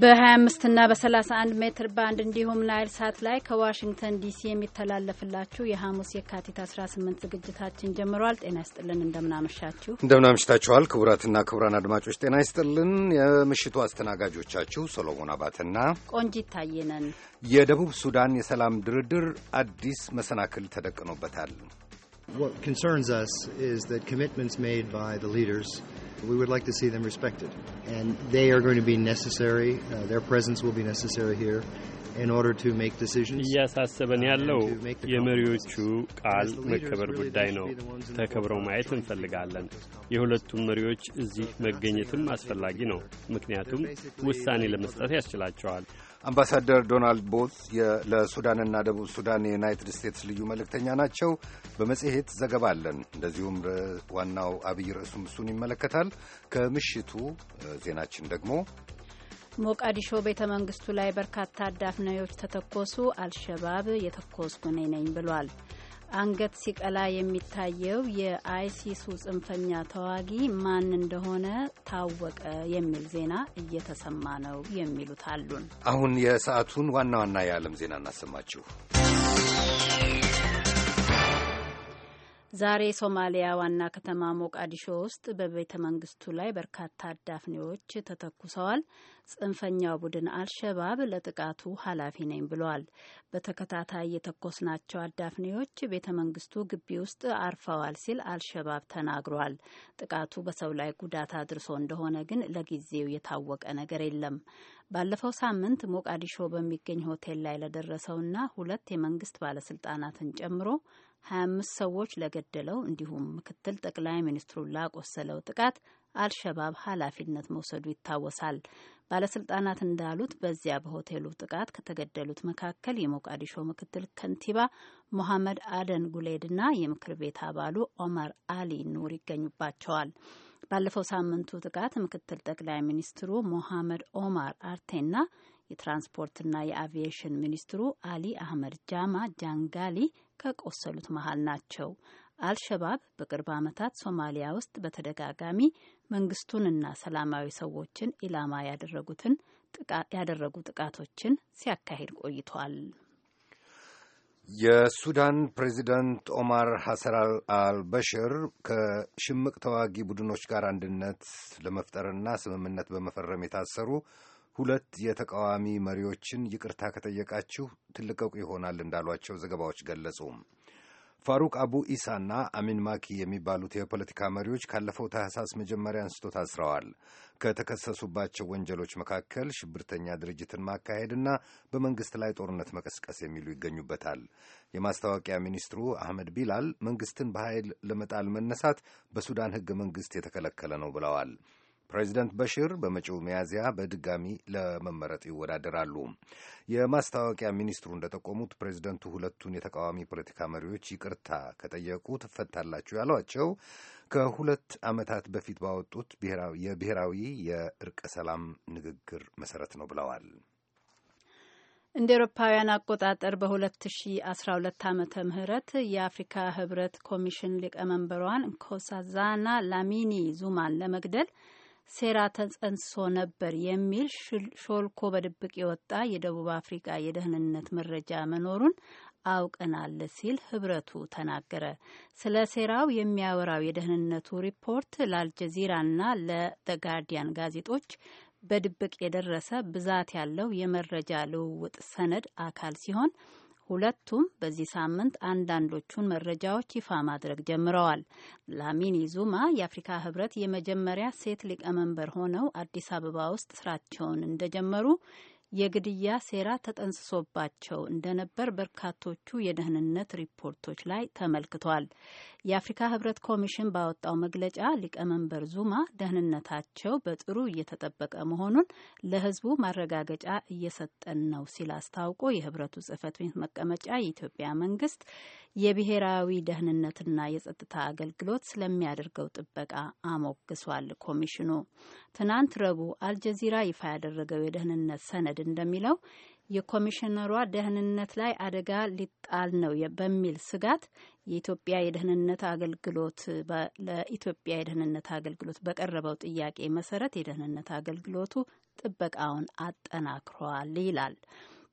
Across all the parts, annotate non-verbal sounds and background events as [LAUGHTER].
በ25 እና በ31 ሜትር ባንድ እንዲሁም ናይል ሳት ላይ ከዋሽንግተን ዲሲ የሚተላለፍላችሁ የሐሙስ የካቲት 18 ዝግጅታችን ጀምሯል። ጤና ይስጥልን፣ እንደምናመሻችሁ እንደምናመሽታችኋል። ክቡራትና ክቡራን አድማጮች ጤና ይስጥልን። የምሽቱ አስተናጋጆቻችሁ ሶሎሞን አባትና ቆንጂት ታየነን። የደቡብ ሱዳን የሰላም ድርድር አዲስ መሰናክል ተደቅኖበታል። What concerns us is that commitments made by the leaders We would like to see them respected. And they are going to be necessary, uh, their presence will be necessary here. እያሳሰበን ያለው የመሪዎቹ ቃል መከበር ጉዳይ ነው። ተከብረው ማየት እንፈልጋለን። የሁለቱም መሪዎች እዚህ መገኘትም አስፈላጊ ነው፣ ምክንያቱም ውሳኔ ለመስጠት ያስችላቸዋል። አምባሳደር ዶናልድ ቦት ለሱዳንና ደቡብ ሱዳን የዩናይትድ ስቴትስ ልዩ መልእክተኛ ናቸው። በመጽሔት ዘገባ አለን። እንደዚሁም ዋናው አብይ ርዕሱም እሱን ይመለከታል። ከምሽቱ ዜናችን ደግሞ ሞቃዲሾ ቤተ መንግስቱ ላይ በርካታ አዳፍናዮች ተተኮሱ። አልሸባብ የተኮስኩ እኔ ነኝ ብሏል። አንገት ሲቀላ የሚታየው የአይሲሱ ጽንፈኛ ተዋጊ ማን እንደሆነ ታወቀ የሚል ዜና እየተሰማ ነው የሚሉት አሉን። አሁን የሰዓቱን ዋና ዋና የዓለም ዜና እናሰማችሁ። ዛሬ ሶማሊያ ዋና ከተማ ሞቃዲሾ ውስጥ በቤተ መንግስቱ ላይ በርካታ አዳፍኔዎች ተተኩሰዋል። ጽንፈኛው ቡድን አልሸባብ ለጥቃቱ ኃላፊ ነኝ ብሏል። በተከታታይ የተኮስናቸው አዳፍኔዎች ቤተ መንግስቱ ግቢ ውስጥ አርፈዋል ሲል አልሸባብ ተናግሯል። ጥቃቱ በሰው ላይ ጉዳት አድርሶ እንደሆነ ግን ለጊዜው የታወቀ ነገር የለም። ባለፈው ሳምንት ሞቃዲሾ በሚገኝ ሆቴል ላይ ለደረሰውና ሁለት የመንግስት ባለስልጣናትን ጨምሮ 25 ሰዎች ለገደለው እንዲሁም ምክትል ጠቅላይ ሚኒስትሩን ላቆሰለው ጥቃት አልሸባብ ኃላፊነት መውሰዱ ይታወሳል። ባለስልጣናት እንዳሉት በዚያ በሆቴሉ ጥቃት ከተገደሉት መካከል የሞቃዲሾ ምክትል ከንቲባ ሞሐመድ አደን ጉሌድና የምክር ቤት አባሉ ኦመር አሊ ኑር ይገኙባቸዋል። ባለፈው ሳምንቱ ጥቃት ምክትል ጠቅላይ ሚኒስትሩ ሞሐመድ ኦማር አርቴና የትራንስፖርትና የአቪዬሽን ሚኒስትሩ አሊ አህመድ ጃማ ጃንጋሊ ከቆሰሉት መሀል ናቸው። አልሸባብ በቅርብ ዓመታት ሶማሊያ ውስጥ በተደጋጋሚ መንግስቱንና ሰላማዊ ሰዎችን ኢላማ ያደረጉትን ያደረጉ ጥቃቶችን ሲያካሂድ ቆይቷል። የሱዳን ፕሬዚዳንት ኦማር ሐሰን አልበሽር ከሽምቅ ተዋጊ ቡድኖች ጋር አንድነት ለመፍጠርና ስምምነት በመፈረም የታሰሩ ሁለት የተቃዋሚ መሪዎችን ይቅርታ ከጠየቃችሁ ትልቀቁ ይሆናል እንዳሏቸው ዘገባዎች ገለጹ። ፋሩቅ አቡ ኢሳና አሚን ማኪ የሚባሉት የፖለቲካ መሪዎች ካለፈው ታህሳስ መጀመሪያ አንስቶ ታስረዋል። ከተከሰሱባቸው ወንጀሎች መካከል ሽብርተኛ ድርጅትን ማካሄድና በመንግስት ላይ ጦርነት መቀስቀስ የሚሉ ይገኙበታል። የማስታወቂያ ሚኒስትሩ አህመድ ቢላል መንግስትን በኃይል ለመጣል መነሳት በሱዳን ህገ መንግስት የተከለከለ ነው ብለዋል። ፕሬዚደንት በሽር በመጪው ሚያዝያ በድጋሚ ለመመረጥ ይወዳደራሉ። የማስታወቂያ ሚኒስትሩ እንደጠቆሙት ፕሬዚደንቱ ሁለቱን የተቃዋሚ ፖለቲካ መሪዎች ይቅርታ ከጠየቁ ትፈታላችሁ ያሏቸው ከሁለት ዓመታት በፊት ባወጡት የብሔራዊ የእርቀ ሰላም ንግግር መሰረት ነው ብለዋል። እንደ ኤሮፓውያን አቆጣጠር በ2012 ዓመተ ምህረት የአፍሪካ ህብረት ኮሚሽን ሊቀመንበሯን ኮሳዛና ላሚኒ ዙማን ለመግደል ሴራ ተጸንሶ ነበር የሚል ሾልኮ በድብቅ የወጣ የደቡብ አፍሪካ የደህንነት መረጃ መኖሩን አውቀናል ሲል ህብረቱ ተናገረ። ስለ ሴራው የሚያወራው የደህንነቱ ሪፖርት ለአልጀዚራና ለተጋርዲያን ጋዜጦች በድብቅ የደረሰ ብዛት ያለው የመረጃ ልውውጥ ሰነድ አካል ሲሆን ሁለቱም በዚህ ሳምንት አንዳንዶቹን መረጃዎች ይፋ ማድረግ ጀምረዋል። ላሚኒ ዙማ የአፍሪካ ህብረት የመጀመሪያ ሴት ሊቀመንበር ሆነው አዲስ አበባ ውስጥ ስራቸውን እንደጀመሩ የግድያ ሴራ ተጠንስሶባቸው እንደነበር በርካቶቹ የደህንነት ሪፖርቶች ላይ ተመልክቷል። የአፍሪካ ህብረት ኮሚሽን ባወጣው መግለጫ ሊቀመንበር ዙማ ደህንነታቸው በጥሩ እየተጠበቀ መሆኑን ለህዝቡ ማረጋገጫ እየሰጠን ነው ሲል አስታውቆ የህብረቱ ጽህፈት ቤት መቀመጫ የኢትዮጵያ መንግስት የብሔራዊ ደህንነትና የጸጥታ አገልግሎት ስለሚያደርገው ጥበቃ አሞግሷል። ኮሚሽኑ ትናንት ረቡዕ አልጀዚራ ይፋ ያደረገው የደህንነት ሰነድ ፈቃድ እንደሚለው የኮሚሽነሯ ደህንነት ላይ አደጋ ሊጣል ነው በሚል ስጋት የኢትዮጵያ የደህንነት አገልግሎት ለኢትዮጵያ የደህንነት አገልግሎት በቀረበው ጥያቄ መሰረት የደህንነት አገልግሎቱ ጥበቃውን አጠናክሯል ይላል።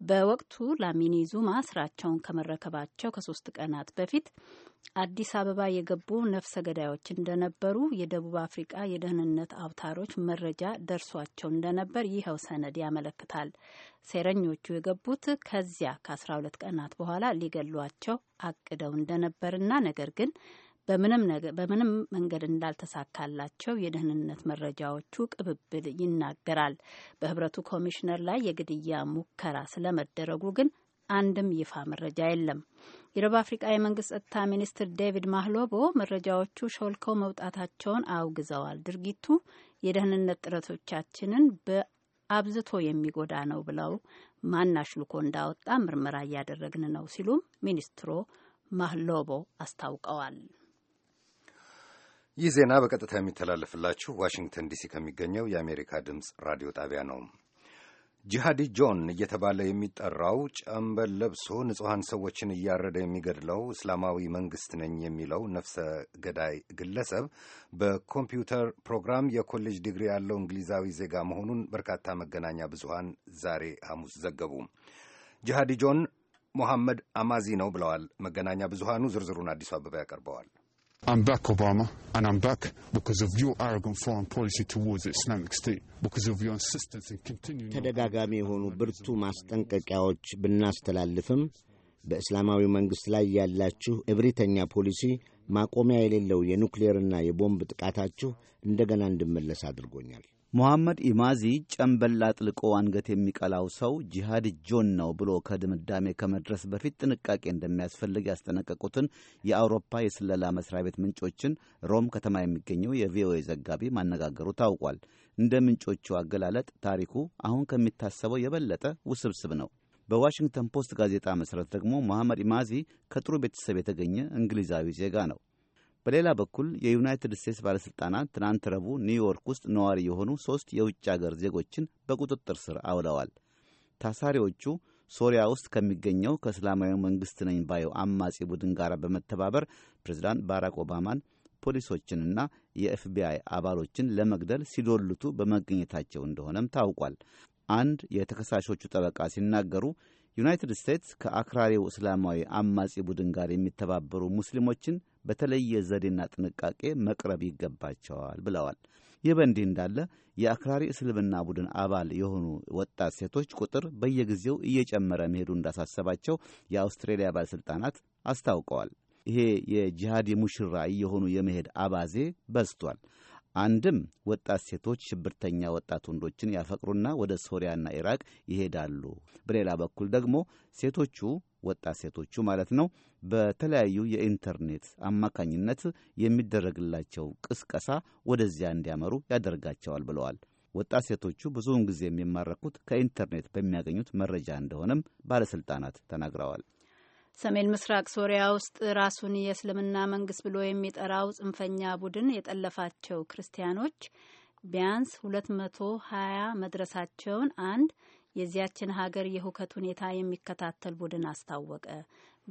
በወቅቱ ላሚኒ ዙማ ስራቸውን ከመረከባቸው ከሶስት ቀናት በፊት አዲስ አበባ የገቡ ነፍሰ ገዳዮች እንደነበሩ የደቡብ አፍሪቃ የደህንነት አውታሮች መረጃ ደርሷቸው እንደነበር ይኸው ሰነድ ያመለክታል። ሴረኞቹ የገቡት ከዚያ ከ ሁለት ቀናት በኋላ ሊገሏቸው አቅደው እንደነበርና ነገር ግን በምንም መንገድ እንዳልተሳካላቸው የደህንነት መረጃዎቹ ቅብብል ይናገራል። በህብረቱ ኮሚሽነር ላይ የግድያ ሙከራ ስለመደረጉ ግን አንድም ይፋ መረጃ የለም። የደቡብ አፍሪቃ የመንግስት ጸጥታ ሚኒስትር ዴቪድ ማህሎቦ መረጃዎቹ ሾልከው መውጣታቸውን አውግዘዋል። ድርጊቱ የደህንነት ጥረቶቻችንን በአብዝቶ የሚጎዳ ነው ብለው ማናሽ ልኮ እንዳወጣ ምርመራ እያደረግን ነው ሲሉም ሚኒስትሩ ማህሎቦ አስታውቀዋል። ይህ ዜና በቀጥታ የሚተላለፍላችሁ ዋሽንግተን ዲሲ ከሚገኘው የአሜሪካ ድምፅ ራዲዮ ጣቢያ ነው። ጂሃዲ ጆን እየተባለ የሚጠራው ጨምበል ለብሶ ንጹሐን ሰዎችን እያረደ የሚገድለው እስላማዊ መንግሥት ነኝ የሚለው ነፍሰ ገዳይ ግለሰብ በኮምፒውተር ፕሮግራም የኮሌጅ ዲግሪ ያለው እንግሊዛዊ ዜጋ መሆኑን በርካታ መገናኛ ብዙሃን ዛሬ ሐሙስ ዘገቡ። ጂሃዲ ጆን ሞሐመድ አማዚ ነው ብለዋል መገናኛ ብዙሃኑ። ዝርዝሩን አዲሱ አበባ ያቀርበዋል። I'm back, Obama, and I'm back because of your arrogant foreign policy towards the Islamic State, because of your insistence in continuing... ተደጋጋሚ የሆኑ ብርቱ ማስጠንቀቂያዎች ብናስተላልፍም በእስላማዊ መንግሥት ላይ ያላችሁ እብሪተኛ ፖሊሲ ማቆሚያ የሌለው የኑክሌርና የቦምብ ጥቃታችሁ እንደገና እንድመለስ አድርጎኛል። ሙሐመድ ኢማዚ ጨንበላ አጥልቆ አንገት የሚቀላው ሰው ጂሃድ ጆን ነው ብሎ ከድምዳሜ ከመድረስ በፊት ጥንቃቄ እንደሚያስፈልግ ያስጠነቀቁትን የአውሮፓ የስለላ መስሪያ ቤት ምንጮችን ሮም ከተማ የሚገኘው የቪኦኤ ዘጋቢ ማነጋገሩ ታውቋል። እንደ ምንጮቹ አገላለጥ ታሪኩ አሁን ከሚታሰበው የበለጠ ውስብስብ ነው። በዋሽንግተን ፖስት ጋዜጣ መሠረት ደግሞ ሞሐመድ ኢማዚ ከጥሩ ቤተሰብ የተገኘ እንግሊዛዊ ዜጋ ነው። በሌላ በኩል የዩናይትድ ስቴትስ ባለሥልጣናት ትናንት ረቡዕ ኒውዮርክ ውስጥ ነዋሪ የሆኑ ሦስት የውጭ አገር ዜጎችን በቁጥጥር ስር አውለዋል። ታሳሪዎቹ ሶሪያ ውስጥ ከሚገኘው ከእስላማዊ መንግሥት ነኝ ባየው አማጺ ቡድን ጋር በመተባበር ፕሬዚዳንት ባራክ ኦባማን ፖሊሶችንና የኤፍቢአይ አባሎችን ለመግደል ሲዶልቱ በመገኘታቸው እንደሆነም ታውቋል። አንድ የተከሳሾቹ ጠበቃ ሲናገሩ ዩናይትድ ስቴትስ ከአክራሪው እስላማዊ አማጺ ቡድን ጋር የሚተባበሩ ሙስሊሞችን በተለየ ዘዴና ጥንቃቄ መቅረብ ይገባቸዋል ብለዋል። ይህ በእንዲህ እንዳለ የአክራሪ እስልምና ቡድን አባል የሆኑ ወጣት ሴቶች ቁጥር በየጊዜው እየጨመረ መሄዱ እንዳሳሰባቸው የአውስትሬሊያ ባለሥልጣናት አስታውቀዋል። ይሄ የጂሃድ ሙሽራ እየሆኑ የመሄድ አባዜ በዝቷል። አንድም ወጣት ሴቶች ሽብርተኛ ወጣት ወንዶችን ያፈቅሩና ወደ ሶሪያና ኢራቅ ይሄዳሉ። በሌላ በኩል ደግሞ ሴቶቹ ወጣት ሴቶቹ ማለት ነው በተለያዩ የኢንተርኔት አማካኝነት የሚደረግላቸው ቅስቀሳ ወደዚያ እንዲያመሩ ያደርጋቸዋል ብለዋል። ወጣት ሴቶቹ ብዙውን ጊዜ የሚማረኩት ከኢንተርኔት በሚያገኙት መረጃ እንደሆነም ባለሥልጣናት ተናግረዋል። ሰሜን ምስራቅ ሶሪያ ውስጥ ራሱን የእስልምና መንግስት ብሎ የሚጠራው ጽንፈኛ ቡድን የጠለፋቸው ክርስቲያኖች ቢያንስ 220 መድረሳቸውን አንድ የዚያችን ሀገር የሁከት ሁኔታ የሚከታተል ቡድን አስታወቀ።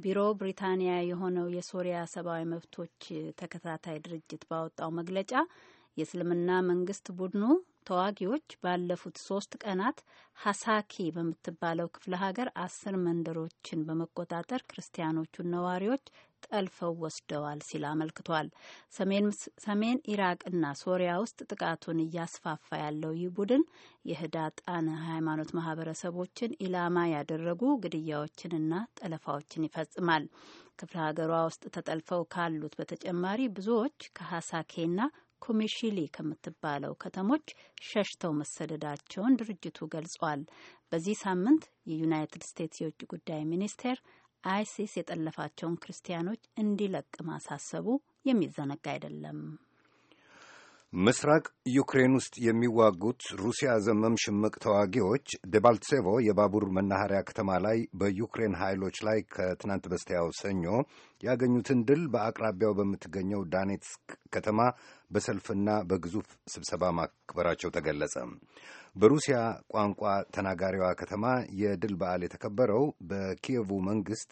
ቢሮ ብሪታንያ የሆነው የሶሪያ ሰብአዊ መብቶች ተከታታይ ድርጅት ባወጣው መግለጫ የእስልምና መንግስት ቡድኑ ተዋጊዎች ባለፉት ሶስት ቀናት ሀሳኪ በምትባለው ክፍለ ሀገር አስር መንደሮችን በመቆጣጠር ክርስቲያኖቹን ነዋሪዎች ጠልፈው ወስደዋል ሲል አመልክቷል። ሰሜን ኢራቅ እና ሶሪያ ውስጥ ጥቃቱን እያስፋፋ ያለው ይህ ቡድን የህዳጣን ሃይማኖት ማህበረሰቦችን ኢላማ ያደረጉ ግድያዎችንና ጠለፋዎችን ይፈጽማል። ክፍለ ሀገሯ ውስጥ ተጠልፈው ካሉት በተጨማሪ ብዙዎች ከሀሳኬና ኮሚሺሊ ከምትባለው ከተሞች ሸሽተው መሰደዳቸውን ድርጅቱ ገልጿል። በዚህ ሳምንት የዩናይትድ ስቴትስ የውጭ ጉዳይ ሚኒስቴር አይሲስ የጠለፋቸውን ክርስቲያኖች እንዲለቅ ማሳሰቡ የሚዘነጋ አይደለም። ምስራቅ ዩክሬን ውስጥ የሚዋጉት ሩሲያ ዘመም ሽምቅ ተዋጊዎች ደባልትሴቮ የባቡር መናኸሪያ ከተማ ላይ በዩክሬን ኃይሎች ላይ ከትናንት በስቲያው ሰኞ ያገኙትን ድል በአቅራቢያው በምትገኘው ዳኔትስክ ከተማ በሰልፍና በግዙፍ ስብሰባ ማክበራቸው ተገለጸ። በሩሲያ ቋንቋ ተናጋሪዋ ከተማ የድል በዓል የተከበረው በኪየቭ መንግስት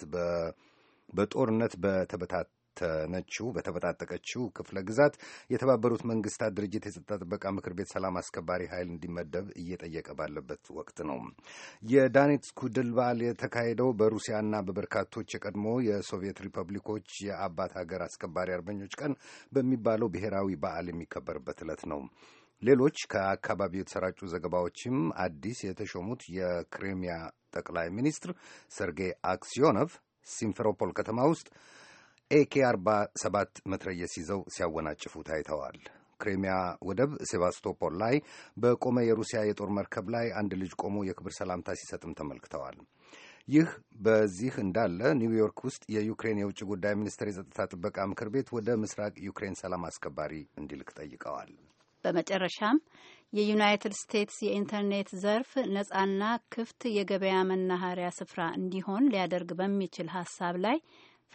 በጦርነት በተበታት በተበታተነችው በተበጣጠቀችው ክፍለ ግዛት የተባበሩት መንግስታት ድርጅት የጸጥታ ጥበቃ ምክር ቤት ሰላም አስከባሪ ኃይል እንዲመደብ እየጠየቀ ባለበት ወቅት ነው። የዳኔትስኩ ድል በዓል የተካሄደው በሩሲያና በበርካቶች የቀድሞ የሶቪየት ሪፐብሊኮች የአባት ሀገር አስከባሪ አርበኞች ቀን በሚባለው ብሔራዊ በዓል የሚከበርበት ዕለት ነው። ሌሎች ከአካባቢው የተሰራጩ ዘገባዎችም አዲስ የተሾሙት የክሬሚያ ጠቅላይ ሚኒስትር ሰርጌይ አክሲዮኖቭ ሲምፌሮፖል ከተማ ውስጥ ኤኬ 47 መትረየስ ይዘው ሲያወናጭፉ ታይተዋል። ክሬሚያ ወደብ ሴቫስቶፖል ላይ በቆመ የሩሲያ የጦር መርከብ ላይ አንድ ልጅ ቆሞ የክብር ሰላምታ ሲሰጥም ተመልክተዋል። ይህ በዚህ እንዳለ ኒውዮርክ ውስጥ የዩክሬን የውጭ ጉዳይ ሚኒስትር የጸጥታ ጥበቃ ምክር ቤት ወደ ምስራቅ ዩክሬን ሰላም አስከባሪ እንዲልክ ጠይቀዋል። በመጨረሻም የዩናይትድ ስቴትስ የኢንተርኔት ዘርፍ ነጻና ክፍት የገበያ መናኸሪያ ስፍራ እንዲሆን ሊያደርግ በሚችል ሀሳብ ላይ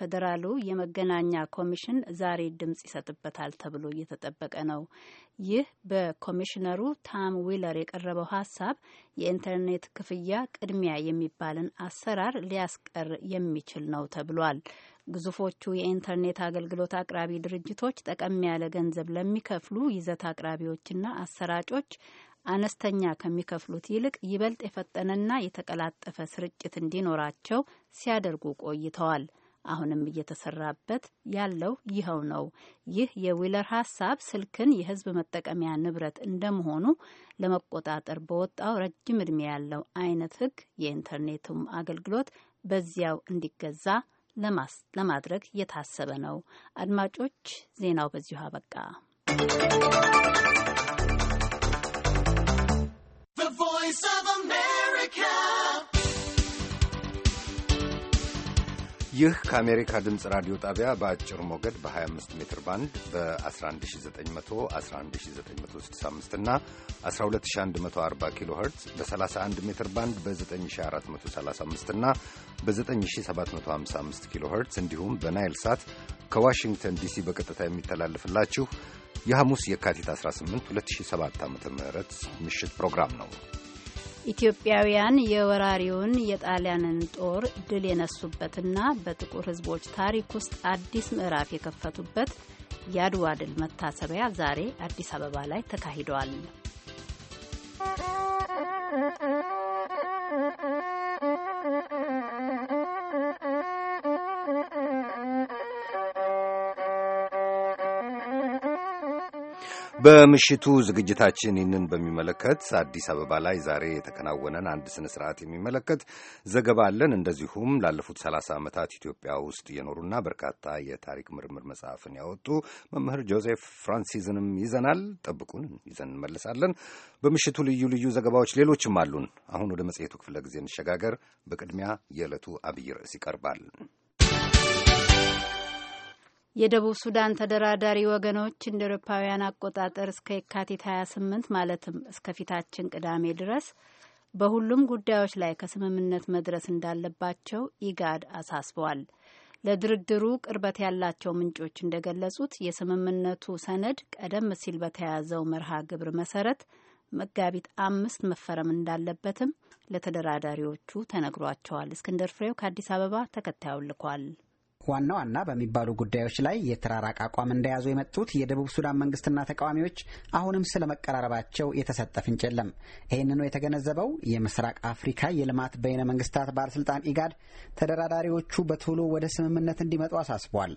ፌዴራሉ የመገናኛ ኮሚሽን ዛሬ ድምጽ ይሰጥበታል ተብሎ እየተጠበቀ ነው። ይህ በኮሚሽነሩ ታም ዊለር የቀረበው ሀሳብ የኢንተርኔት ክፍያ ቅድሚያ የሚባልን አሰራር ሊያስቀር የሚችል ነው ተብሏል። ግዙፎቹ የኢንተርኔት አገልግሎት አቅራቢ ድርጅቶች ጠቀም ያለ ገንዘብ ለሚከፍሉ ይዘት አቅራቢዎችና አሰራጮች አነስተኛ ከሚከፍሉት ይልቅ ይበልጥ የፈጠነና የተቀላጠፈ ስርጭት እንዲኖራቸው ሲያደርጉ ቆይተዋል። አሁንም እየተሰራበት ያለው ይኸው ነው። ይህ የዊለር ሀሳብ ስልክን የህዝብ መጠቀሚያ ንብረት እንደመሆኑ ለመቆጣጠር በወጣው ረጅም እድሜ ያለው አይነት ህግ የኢንተርኔቱም አገልግሎት በዚያው እንዲገዛ ለማድረግ የታሰበ ነው። አድማጮች፣ ዜናው በዚሁ አበቃ። ይህ ከአሜሪካ ድምፅ ራዲዮ ጣቢያ በአጭር ሞገድ በ25 ሜትር ባንድ በ11911965 እና 12140 ኪሎ ኸርትዝ በ31 ሜትር ባንድ በ9435 እና በ9755 ኪሎ ኸርትዝ እንዲሁም በናይል ሳት ከዋሽንግተን ዲሲ በቀጥታ የሚተላለፍላችሁ የሐሙስ የካቲት 18 2007 ዓ ም ምሽት ፕሮግራም ነው። ኢትዮጵያውያን የወራሪውን የጣሊያንን ጦር ድል የነሱበትና በጥቁር ሕዝቦች ታሪክ ውስጥ አዲስ ምዕራፍ የከፈቱበት የአድዋ ድል መታሰቢያ ዛሬ አዲስ አበባ ላይ ተካሂደዋል። በምሽቱ ዝግጅታችን ይህንን በሚመለከት አዲስ አበባ ላይ ዛሬ የተከናወነን አንድ ስነ ስርዓት የሚመለከት ዘገባ አለን። እንደዚሁም ላለፉት ሰላሳ ዓመታት ኢትዮጵያ ውስጥ የኖሩና በርካታ የታሪክ ምርምር መጽሐፍን ያወጡ መምህር ጆዜፍ ፍራንሲዝንም ይዘናል። ጠብቁን፣ ይዘን እንመለሳለን። በምሽቱ ልዩ ልዩ ዘገባዎች ሌሎችም አሉን። አሁን ወደ መጽሔቱ ክፍለ ጊዜ እንሸጋገር። በቅድሚያ የዕለቱ አብይ ርዕስ ይቀርባል። የደቡብ ሱዳን ተደራዳሪ ወገኖች እንደ አውሮፓውያን አቆጣጠር እስከ የካቲት 28 ማለትም እስከ ፊታችን ቅዳሜ ድረስ በሁሉም ጉዳዮች ላይ ከስምምነት መድረስ እንዳለባቸው ኢጋድ አሳስበዋል። ለድርድሩ ቅርበት ያላቸው ምንጮች እንደገለጹት የስምምነቱ ሰነድ ቀደም ሲል በተያያዘው መርሃ ግብር መሰረት መጋቢት አምስት መፈረም እንዳለበትም ለተደራዳሪዎቹ ተነግሯቸዋል። እስክንድር ፍሬው ከአዲስ አበባ ተከታዩን ልኳል። ዋና ዋና በሚባሉ ጉዳዮች ላይ የተራራቅ አቋም እንደያዙ የመጡት የደቡብ ሱዳን መንግስትና ተቃዋሚዎች አሁንም ስለ መቀራረባቸው የተሰጠ ፍንጭ የለም። ይህንኑ የተገነዘበው የምስራቅ አፍሪካ የልማት በይነ መንግስታት ባለስልጣን ኢጋድ ተደራዳሪዎቹ በቶሎ ወደ ስምምነት እንዲመጡ አሳስቧል።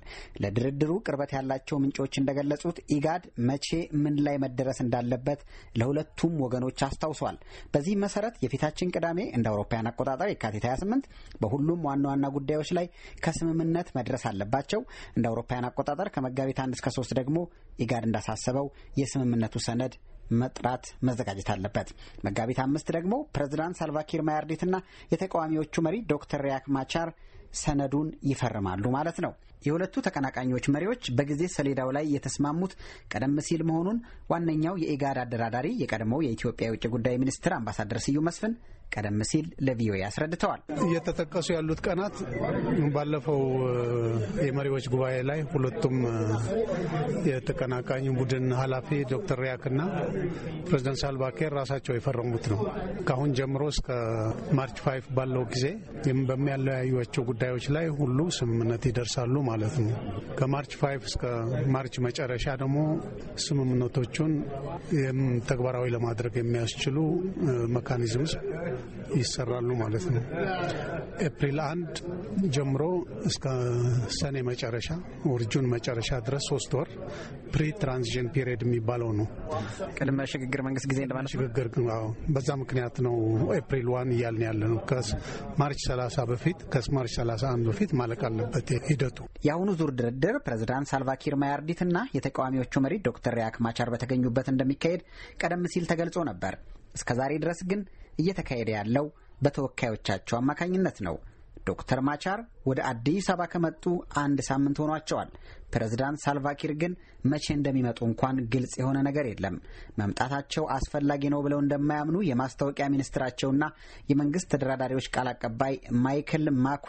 ለድርድሩ ቅርበት ያላቸው ምንጮች እንደገለጹት ኢጋድ መቼ ምን ላይ መደረስ እንዳለበት ለሁለቱም ወገኖች አስታውሷል። በዚህም መሰረት የፊታችን ቅዳሜ እንደ አውሮፓውያን አቆጣጠር የካቲት 28 በሁሉም ዋና ዋና ጉዳዮች ላይ ከስምምነት መድረስ አለባቸው። እንደ አውሮፓውያን አቆጣጠር ከመጋቢት አንድ እስከ ሶስት ደግሞ ኢጋድ እንዳሳሰበው የስምምነቱ ሰነድ መጥራት መዘጋጀት አለበት። መጋቢት አምስት ደግሞ ፕሬዝዳንት ሳልቫኪር ማያርዲትና የተቃዋሚዎቹ መሪ ዶክተር ሪያክ ማቻር ሰነዱን ይፈርማሉ ማለት ነው። የሁለቱ ተቀናቃኞች መሪዎች በጊዜ ሰሌዳው ላይ የተስማሙት ቀደም ሲል መሆኑን ዋነኛው የኢጋድ አደራዳሪ የቀድሞው የኢትዮጵያ የውጭ ጉዳይ ሚኒስትር አምባሳደር ስዩም መስፍን ቀደም ሲል ለቪኦኤ አስረድተዋል። እየተጠቀሱ ያሉት ቀናት ባለፈው የመሪዎች ጉባኤ ላይ ሁለቱም የተቀናቃኝ ቡድን ኃላፊ ዶክተር ሪያክና ፕሬዚደንት ሳልቫኪር ራሳቸው የፈረሙት ነው። ከአሁን ጀምሮ እስከ ማርች ፋይፍ ባለው ጊዜ በሚያለያዩቸው ጉዳዮች ላይ ሁሉ ስምምነት ይደርሳሉ ማለት ነው። ከማርች ፋይፍ እስከ ማርች መጨረሻ ደግሞ ስምምነቶቹን ተግባራዊ ለማድረግ የሚያስችሉ መካኒዝምስ ይሰራሉ ማለት ነው። ኤፕሪል አንድ ጀምሮ እስከ ሰኔ መጨረሻ ውርጁን መጨረሻ ድረስ ሶስት ወር ፕሪ ትራንዚሽን ፒሪየድ የሚባለው ነው። ቅድመ ሽግግር መንግስት ጊዜ እንደማለት ሽግግር። በዛ ምክንያት ነው ኤፕሪል ዋን እያልን ያለ ነው። ከማርች 30 በፊት ከማርች 31 በፊት ማለቅ አለበት ሂደቱ። የአሁኑ ዙር ድርድር ፕሬዝዳንት ሳልቫኪር ማያርዲት እና የተቃዋሚዎቹ መሪ ዶክተር ሪያክ ማቻር በተገኙበት እንደሚካሄድ ቀደም ሲል ተገልጾ ነበር። እስከ ዛሬ ድረስ ግን እየተካሄደ ያለው በተወካዮቻቸው አማካኝነት ነው። ዶክተር ማቻር ወደ አዲስ አበባ ከመጡ አንድ ሳምንት ሆኗቸዋል። ፕሬዝዳንት ሳልቫኪር ግን መቼ እንደሚመጡ እንኳን ግልጽ የሆነ ነገር የለም። መምጣታቸው አስፈላጊ ነው ብለው እንደማያምኑ የማስታወቂያ ሚኒስትራቸውና የመንግስት ተደራዳሪዎች ቃል አቀባይ ማይክል ማኩ